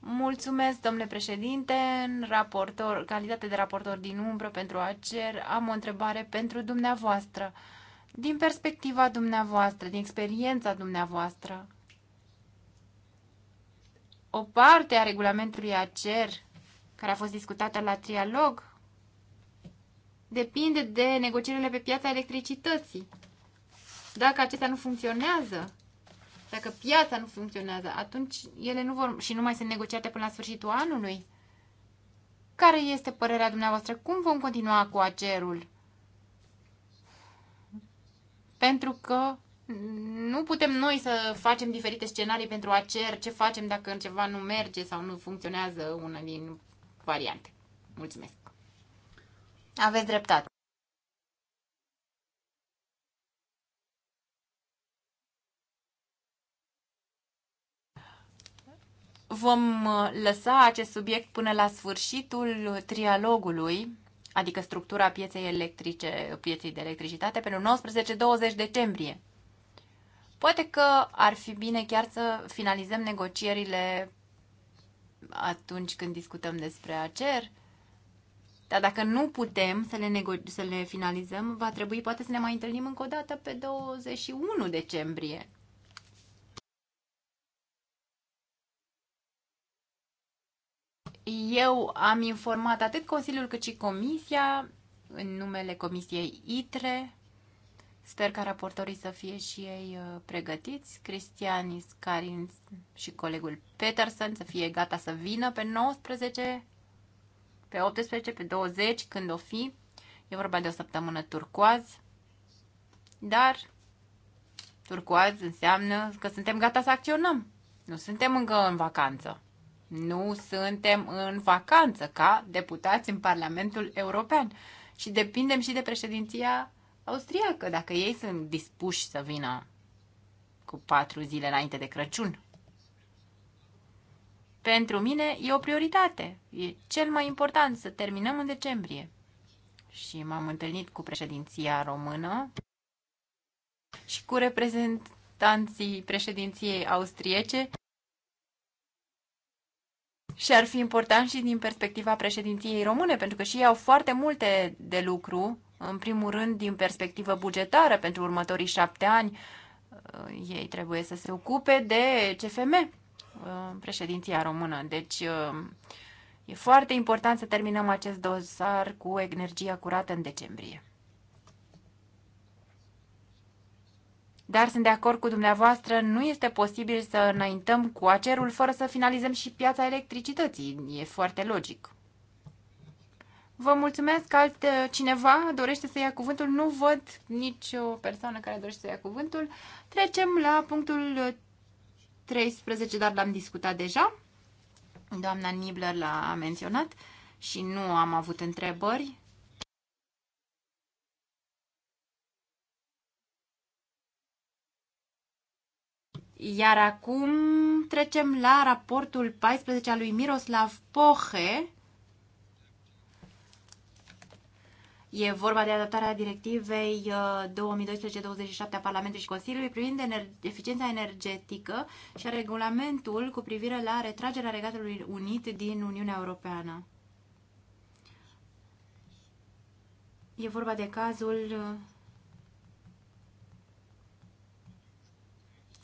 Mulțumesc, domnule președinte, în raportor, calitate de raportor din umbră pentru ACER. Am o întrebare pentru dumneavoastră. Uh, din perspectiva dumneavoastră, din experiența dumneavoastră, o parte a regulamentului ACER care a fost discutată la trialog depinde de negocierile pe piața electricității. Dacă acestea nu funcționează, dacă piața nu funcționează, atunci ele nu vor și nu mai sunt negociate până la sfârșitul anului. Care este părerea dumneavoastră? Cum vom continua cu acerul? pentru că nu putem noi să facem diferite scenarii pentru a cer ce facem dacă ceva nu merge sau nu funcționează una din variante. Mulțumesc. Aveți dreptate. Vom uh, lăsa acest subiect până la sfârșitul trialogului adică structura pieței electrice, pieței de electricitate, pentru 19-20 decembrie. Poate că ar fi bine chiar să finalizăm negocierile atunci când discutăm despre acer, dar dacă nu putem să le, să le finalizăm, va trebui poate să ne mai întâlnim încă o dată pe 21 decembrie. Eu am informat atât Consiliul cât și Comisia în numele Comisiei ITRE. Sper ca raportorii să fie și ei uh, pregătiți. Cristian Iscarin și colegul Peterson să fie gata să vină pe 19, pe 18, pe 20, când o fi. E vorba de o săptămână turcoaz. Dar turcoaz înseamnă că suntem gata să acționăm. Nu suntem încă în vacanță. Nu suntem în vacanță ca deputați în Parlamentul European și depindem și de președinția austriacă, dacă ei sunt dispuși să vină cu patru zile înainte de Crăciun. Pentru mine e o prioritate. E cel mai important să terminăm în decembrie. Și m-am întâlnit cu președinția română și cu reprezentanții președinției austriece și ar fi important și din perspectiva președinției române, pentru că și ei au foarte multe de lucru, în primul rând din perspectivă bugetară pentru următorii șapte ani. Uh, ei trebuie să se ocupe de CFM, uh, președinția română. Deci uh, e foarte important să terminăm acest dosar cu energia curată în decembrie. dar sunt de acord cu dumneavoastră, nu este posibil să înaintăm cu acerul fără să finalizăm și piața electricității. E foarte logic. Vă mulțumesc că alt uh, cineva dorește să ia cuvântul. Nu văd nicio persoană care dorește să ia cuvântul. Trecem la punctul 13, uh, dar l-am discutat deja. Doamna Nibler l-a menționat și nu am avut întrebări. Iar acum trecem la raportul 14 al lui Miroslav Poche. E vorba de adaptarea directivei 2012-27 uh, a Parlamentului și Consiliului privind ener- eficiența energetică și a regulamentul cu privire la retragerea Regatului Unit din Uniunea Europeană. E vorba de cazul uh,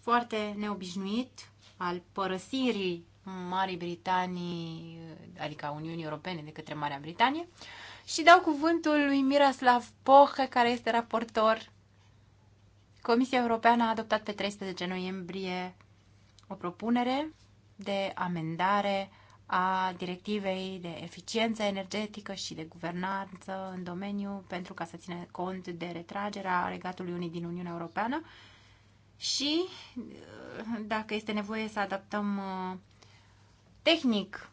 foarte neobișnuit al părăsirii Marii Britanii, adică a Uniunii Europene de către Marea Britanie și dau cuvântul lui Miroslav Poche, care este raportor. Comisia Europeană a adoptat pe 13 noiembrie o propunere de amendare a directivei de eficiență energetică și de guvernanță în domeniu pentru ca să ține cont de retragerea Regatului Unii din Uniunea Europeană și uh, dacă este nevoie să adaptăm uh, tehnic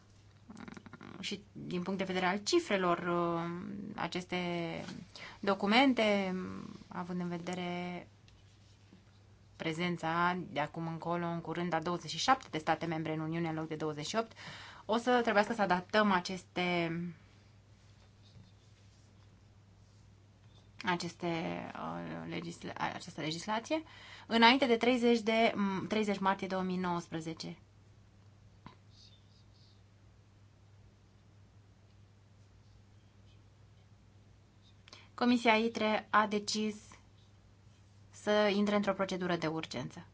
uh, și din punct de vedere al cifrelor aceste documente, având în vedere prezența de acum încolo, în curând, a 27 de state membre în Uniune în loc de 28, o să trebuiască să adaptăm aceste aceste, uh, legisla această legislație înainte de 30, de 30 martie 2019. Comisia ITRE a decis să intre într-o procedură de urgență.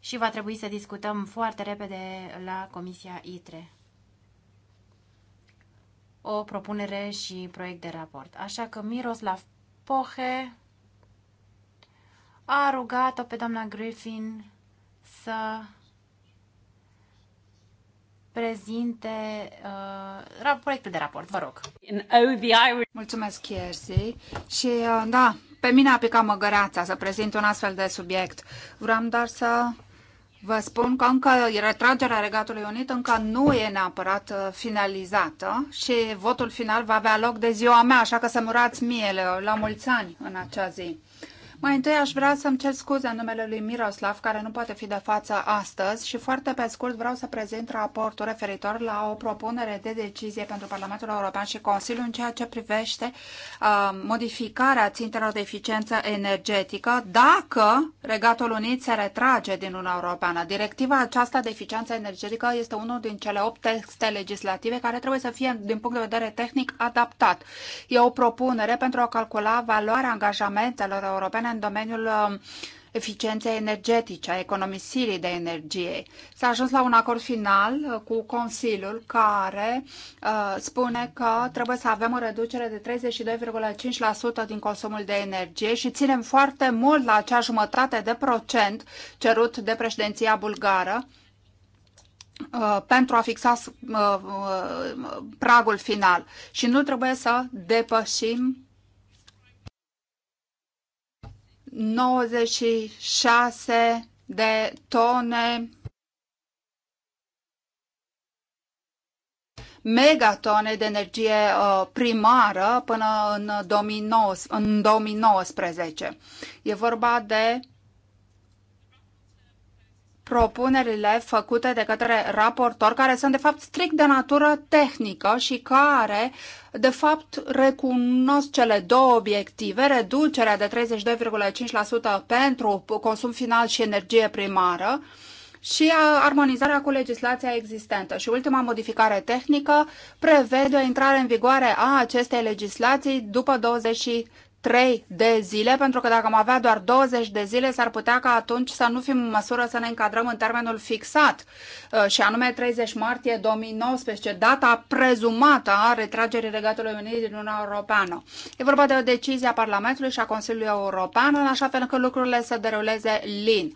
Și va trebui să discutăm foarte repede la Comisia ITRE o propunere și proiect de raport. Așa că Miroslav Pohe a rugat-o pe doamna Griffin să prezinte uh, proiectul de raport. Vă rog. Mulțumesc, Kiersey. Și uh, da, pe mine a picat măgăreața să prezint un astfel de subiect. Vreau doar să Vă spun că încă retragerea Regatului Unit încă nu e neapărat uh, finalizată și votul final va avea loc de ziua mea, așa că să murați mie la mulți ani în acea zi. Mai întâi aș vrea să-mi cer scuze în numele lui Miroslav, care nu poate fi de față astăzi și foarte pe scurt vreau să prezint raportul referitor la o propunere de decizie pentru Parlamentul European și Consiliul în ceea ce privește uh, modificarea țintelor de eficiență energetică dacă Regatul Unit se retrage din Uniunea Europeană. Directiva aceasta de eficiență energetică este unul din cele opt texte legislative care trebuie să fie, din punct de vedere tehnic, adaptat. E o propunere pentru a calcula valoarea angajamentelor europene europene în domeniul um, eficienței energetice, a economisirii de energie. S-a ajuns la un acord final uh, cu Consiliul care uh, spune că trebuie să avem o reducere de 32,5% din consumul de energie și ținem foarte mult la acea jumătate de procent cerut de președinția bulgară uh, pentru a fixa uh, pragul final și nu trebuie să depășim 96 de tone megatone de energie uh, primară până în 2019. E vorba de propunerile făcute de către raportor, care sunt de fapt strict de natură tehnică și care de fapt recunosc cele două obiective, reducerea de 32,5% pentru consum final și energie primară, și armonizarea cu legislația existentă. Și ultima modificare tehnică prevede o intrare în vigoare a acestei legislații după 20 trei de zile, pentru că dacă am avea doar 20 de zile, s-ar putea ca atunci să nu fim în măsură să ne încadrăm în termenul fixat, uh, și anume 30 martie 2019, data prezumată a retragerii Regatului Unit din Uniunea Europeană. E vorba de o decizie a Parlamentului și a Consiliului European, în așa fel încât lucrurile să deruleze lin.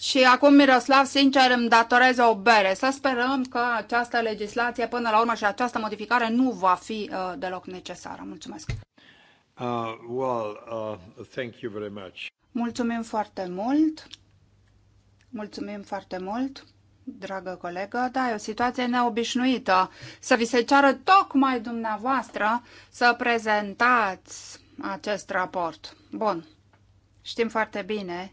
Și acum, Miroslav, sincer, îmi datorez o bere. Să sperăm că această legislație, până la urmă, și această modificare nu va fi uh, deloc necesară. Mulțumesc! Uh, well, uh, thank you very much. Mulțumim foarte mult! Mulțumim foarte mult! dragă colegă, da, e o situație neobișnuită să vi se ceară tocmai dumneavoastră să prezentați acest raport. Bun, știm foarte bine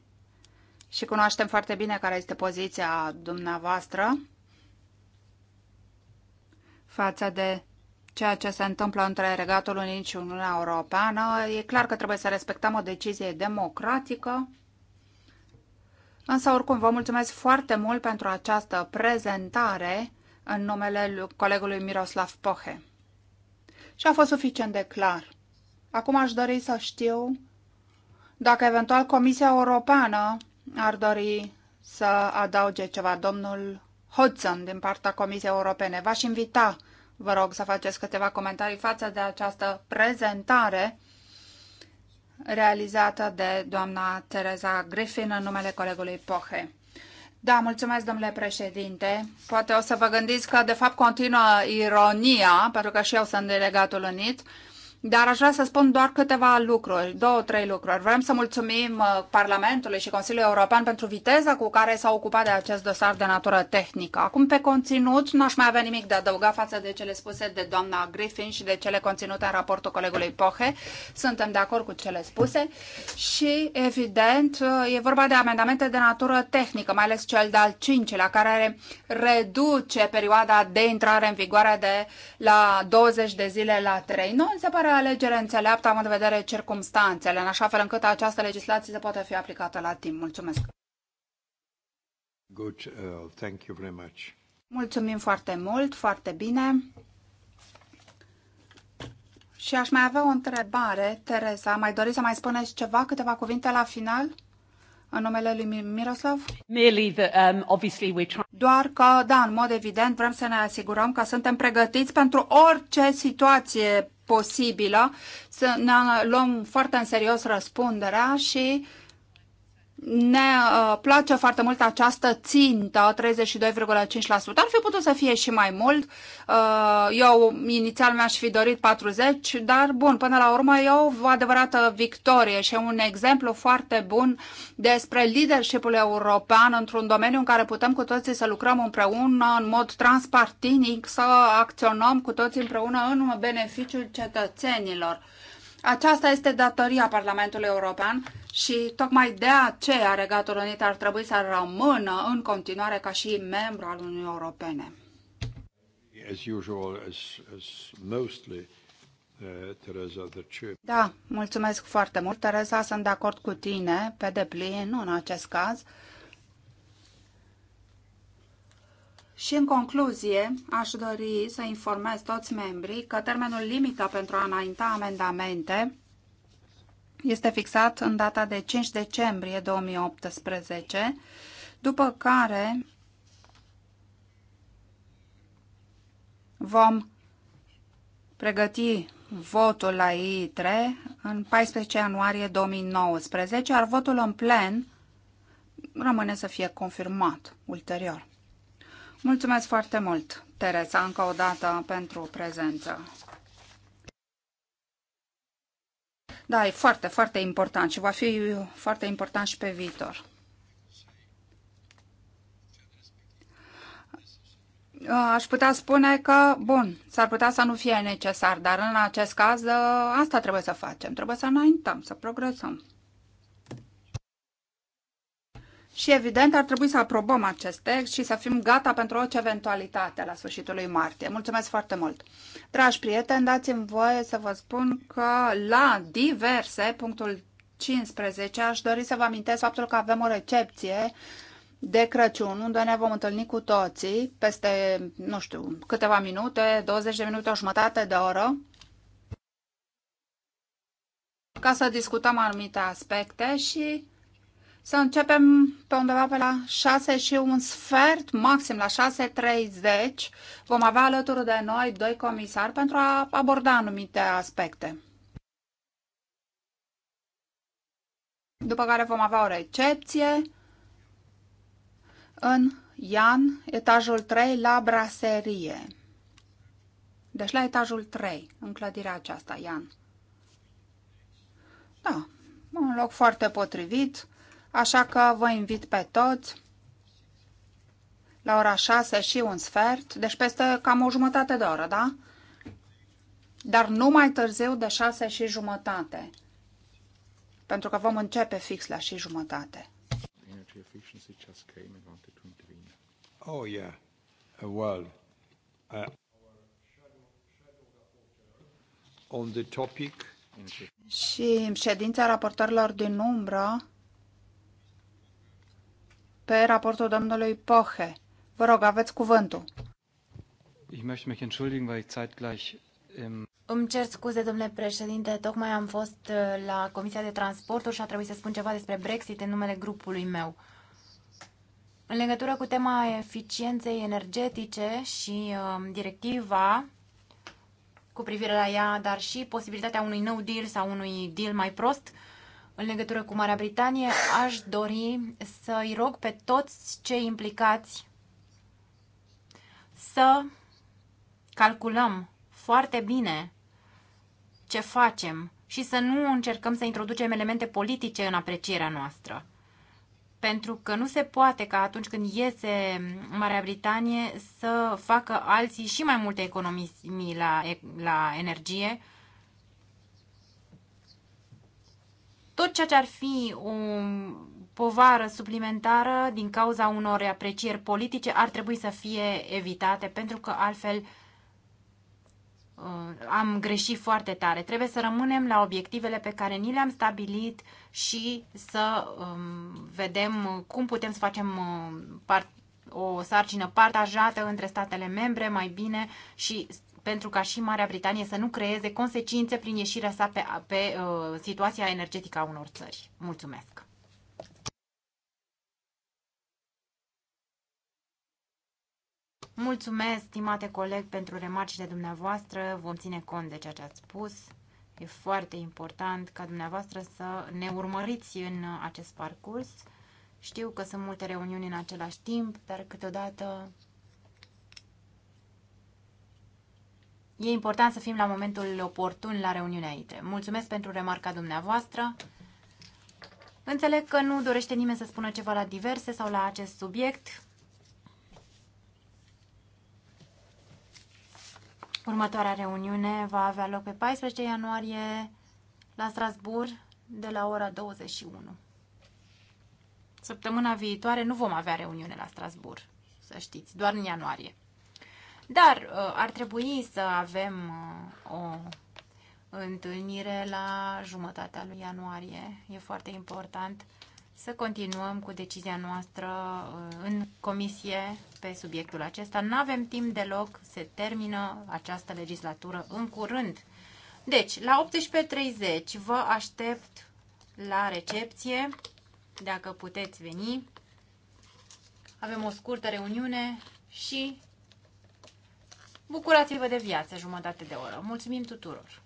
și cunoaștem foarte bine care este poziția dumneavoastră față de ceea ce se întâmplă între Regatul Unit și Uniunea Europeană. E clar că trebuie să respectăm o decizie democratică, însă oricum vă mulțumesc foarte mult pentru această prezentare în numele lui colegului Miroslav Pohe. Și a fost suficient de clar. Acum aș dori să știu dacă eventual Comisia Europeană ar dori să adauge ceva. Domnul Hodson, din partea Comisiei Europene, v-aș invita, vă rog, să faceți câteva comentarii față de această prezentare realizată de doamna Teresa Griffin în numele colegului Poche. Da, mulțumesc, domnule președinte. Poate o să vă gândiți că, de fapt, continuă ironia, pentru că și eu sunt delegatul unit. Dar aș vrea să spun doar câteva lucruri, două, trei lucruri. Vrem să mulțumim uh, Parlamentului și Consiliului European pentru viteza cu care s-au ocupat de acest dosar de natură tehnică. Acum, pe conținut, n-aș mai avea nimic de adăugat față de cele spuse de doamna Griffin și de cele conținute în raportul colegului Pohe. Suntem de acord cu cele spuse și, evident, uh, e vorba de amendamente de natură tehnică, mai ales cel de-al cincilea, care reduce perioada de intrare în vigoare de la 20 de zile la 3. Nu, se pare alegere înțeleaptă, am în vedere circumstanțele, în așa fel încât această legislație să poată fi aplicată la timp. Mulțumesc! Good. Uh, thank you very much. Mulțumim foarte mult, foarte bine. Și aș mai avea o întrebare, Teresa. Mai doriți să mai spuneți ceva, câteva cuvinte la final? în numele lui Miroslav? Um, Doar că, da, în mod evident, vrem să ne asigurăm că suntem pregătiți pentru orice situație posibilă, să ne luăm foarte în serios răspunderea și ne uh, place foarte mult această țintă, 32,5%. Ar fi putut să fie și mai mult. Uh, eu inițial mi-aș fi dorit 40, dar bun, până la urmă e o adevărată victorie și un exemplu foarte bun despre leadership european într-un domeniu în care putem cu toții să lucrăm împreună în mod transpartinic, să acționăm cu toții împreună în beneficiul cetățenilor. Aceasta este datoria Parlamentului European și tocmai de aceea Regatul Unit ar trebui să rămână în continuare ca și membru al Uniunii Europene. Uh, da, mulțumesc foarte mult, Teresa, sunt de acord cu tine pe deplin în acest caz. Și în concluzie, aș dori să informez toți membrii că termenul limită pentru a înainta amendamente este fixat în data de 5 decembrie 2018, după care vom pregăti votul la ITRE în 14 ianuarie 2019, iar votul în plen rămâne să fie confirmat ulterior. Mulțumesc foarte mult, Teresa, încă o dată pentru prezență. Da, e foarte, foarte important și va fi foarte important și pe viitor. Aș putea spune că, bun, s-ar putea să nu fie necesar, dar în acest caz ă, asta trebuie să facem, trebuie să înaintăm, să progresăm. Și evident ar trebui să aprobăm acest text și să fim gata pentru orice eventualitate la sfârșitul lui martie. Mulțumesc foarte mult! Dragi prieteni, dați-mi voie să vă spun că la diverse, punctul 15, aș dori să vă amintesc faptul că avem o recepție de Crăciun, unde ne vom întâlni cu toții peste, nu știu, câteva minute, 20 de minute, o jumătate de oră, ca să discutăm anumite aspecte și să începem pe undeva pe la 6 și un sfert, maxim la 6.30. Vom avea alături de noi doi comisari pentru a aborda anumite aspecte. După care vom avea o recepție în Ian, etajul 3, la braserie. Deci la etajul 3, în clădirea aceasta, Ian. Da, un loc foarte potrivit Așa că vă invit pe toți la ora 6 și un sfert, deci peste cam o jumătate de oră, da? Dar nu mai târziu de 6 și jumătate, pentru că vom începe fix la și jumătate. Oh, yeah. Well, uh, on the topic... Și ședința raportorilor din umbră pe raportul domnului Poche. Vă rog, aveți cuvântul. Ich möchte mich entschuldigen, weil ich zeitgleich im îmi cer scuze, domnule președinte, tocmai am fost uh, la Comisia de Transporturi și a trebuit să spun ceva despre Brexit în numele grupului meu. În legătură cu tema eficienței energetice și uh, directiva cu privire la ea, dar și posibilitatea unui nou deal sau unui deal mai prost, uh, în legătură cu Marea Britanie, aș dori să-i rog pe toți cei implicați să calculăm foarte bine ce facem și să nu încercăm să introducem elemente politice în aprecierea noastră. Pentru că nu se poate ca atunci când iese Marea Britanie să facă alții și mai multe economii la, la energie, Tot ceea ce ar fi o povară suplimentară din cauza unor aprecieri politice ar trebui să fie evitate, pentru că altfel uh, am greșit foarte tare. Trebuie să rămânem la obiectivele pe care ni le-am stabilit și să um, vedem cum putem să facem uh, part, o sarcină partajată între statele membre mai bine și pentru ca și Marea Britanie să nu creeze consecințe prin ieșirea sa pe, pe uh, situația energetică a unor țări. Mulțumesc! Mulțumesc, stimate coleg, pentru remarcile dumneavoastră. Vom ține cont de ceea ce ați spus. E foarte important ca dumneavoastră să ne urmăriți în acest parcurs. Știu că sunt multe reuniuni în același timp, dar câteodată E important să fim la momentul oportun la reuniunea ITRE. Mulțumesc pentru remarca dumneavoastră. Înțeleg că nu dorește nimeni să spună ceva la diverse sau la acest subiect. Următoarea reuniune va avea loc pe 14 ianuarie la Strasbourg de la ora 21. Săptămâna viitoare nu vom avea reuniune la Strasbourg, să știți, doar în ianuarie. Dar uh, ar trebui să avem uh, o întâlnire la jumătatea lui ianuarie. E foarte important să continuăm cu decizia noastră uh, în comisie pe subiectul acesta. Nu avem timp deloc, se termină această legislatură în curând. Deci, la 18.30 vă aștept la recepție, dacă puteți veni. Avem o scurtă reuniune și Bucurați-vă de viață jumătate de oră. Mulțumim tuturor!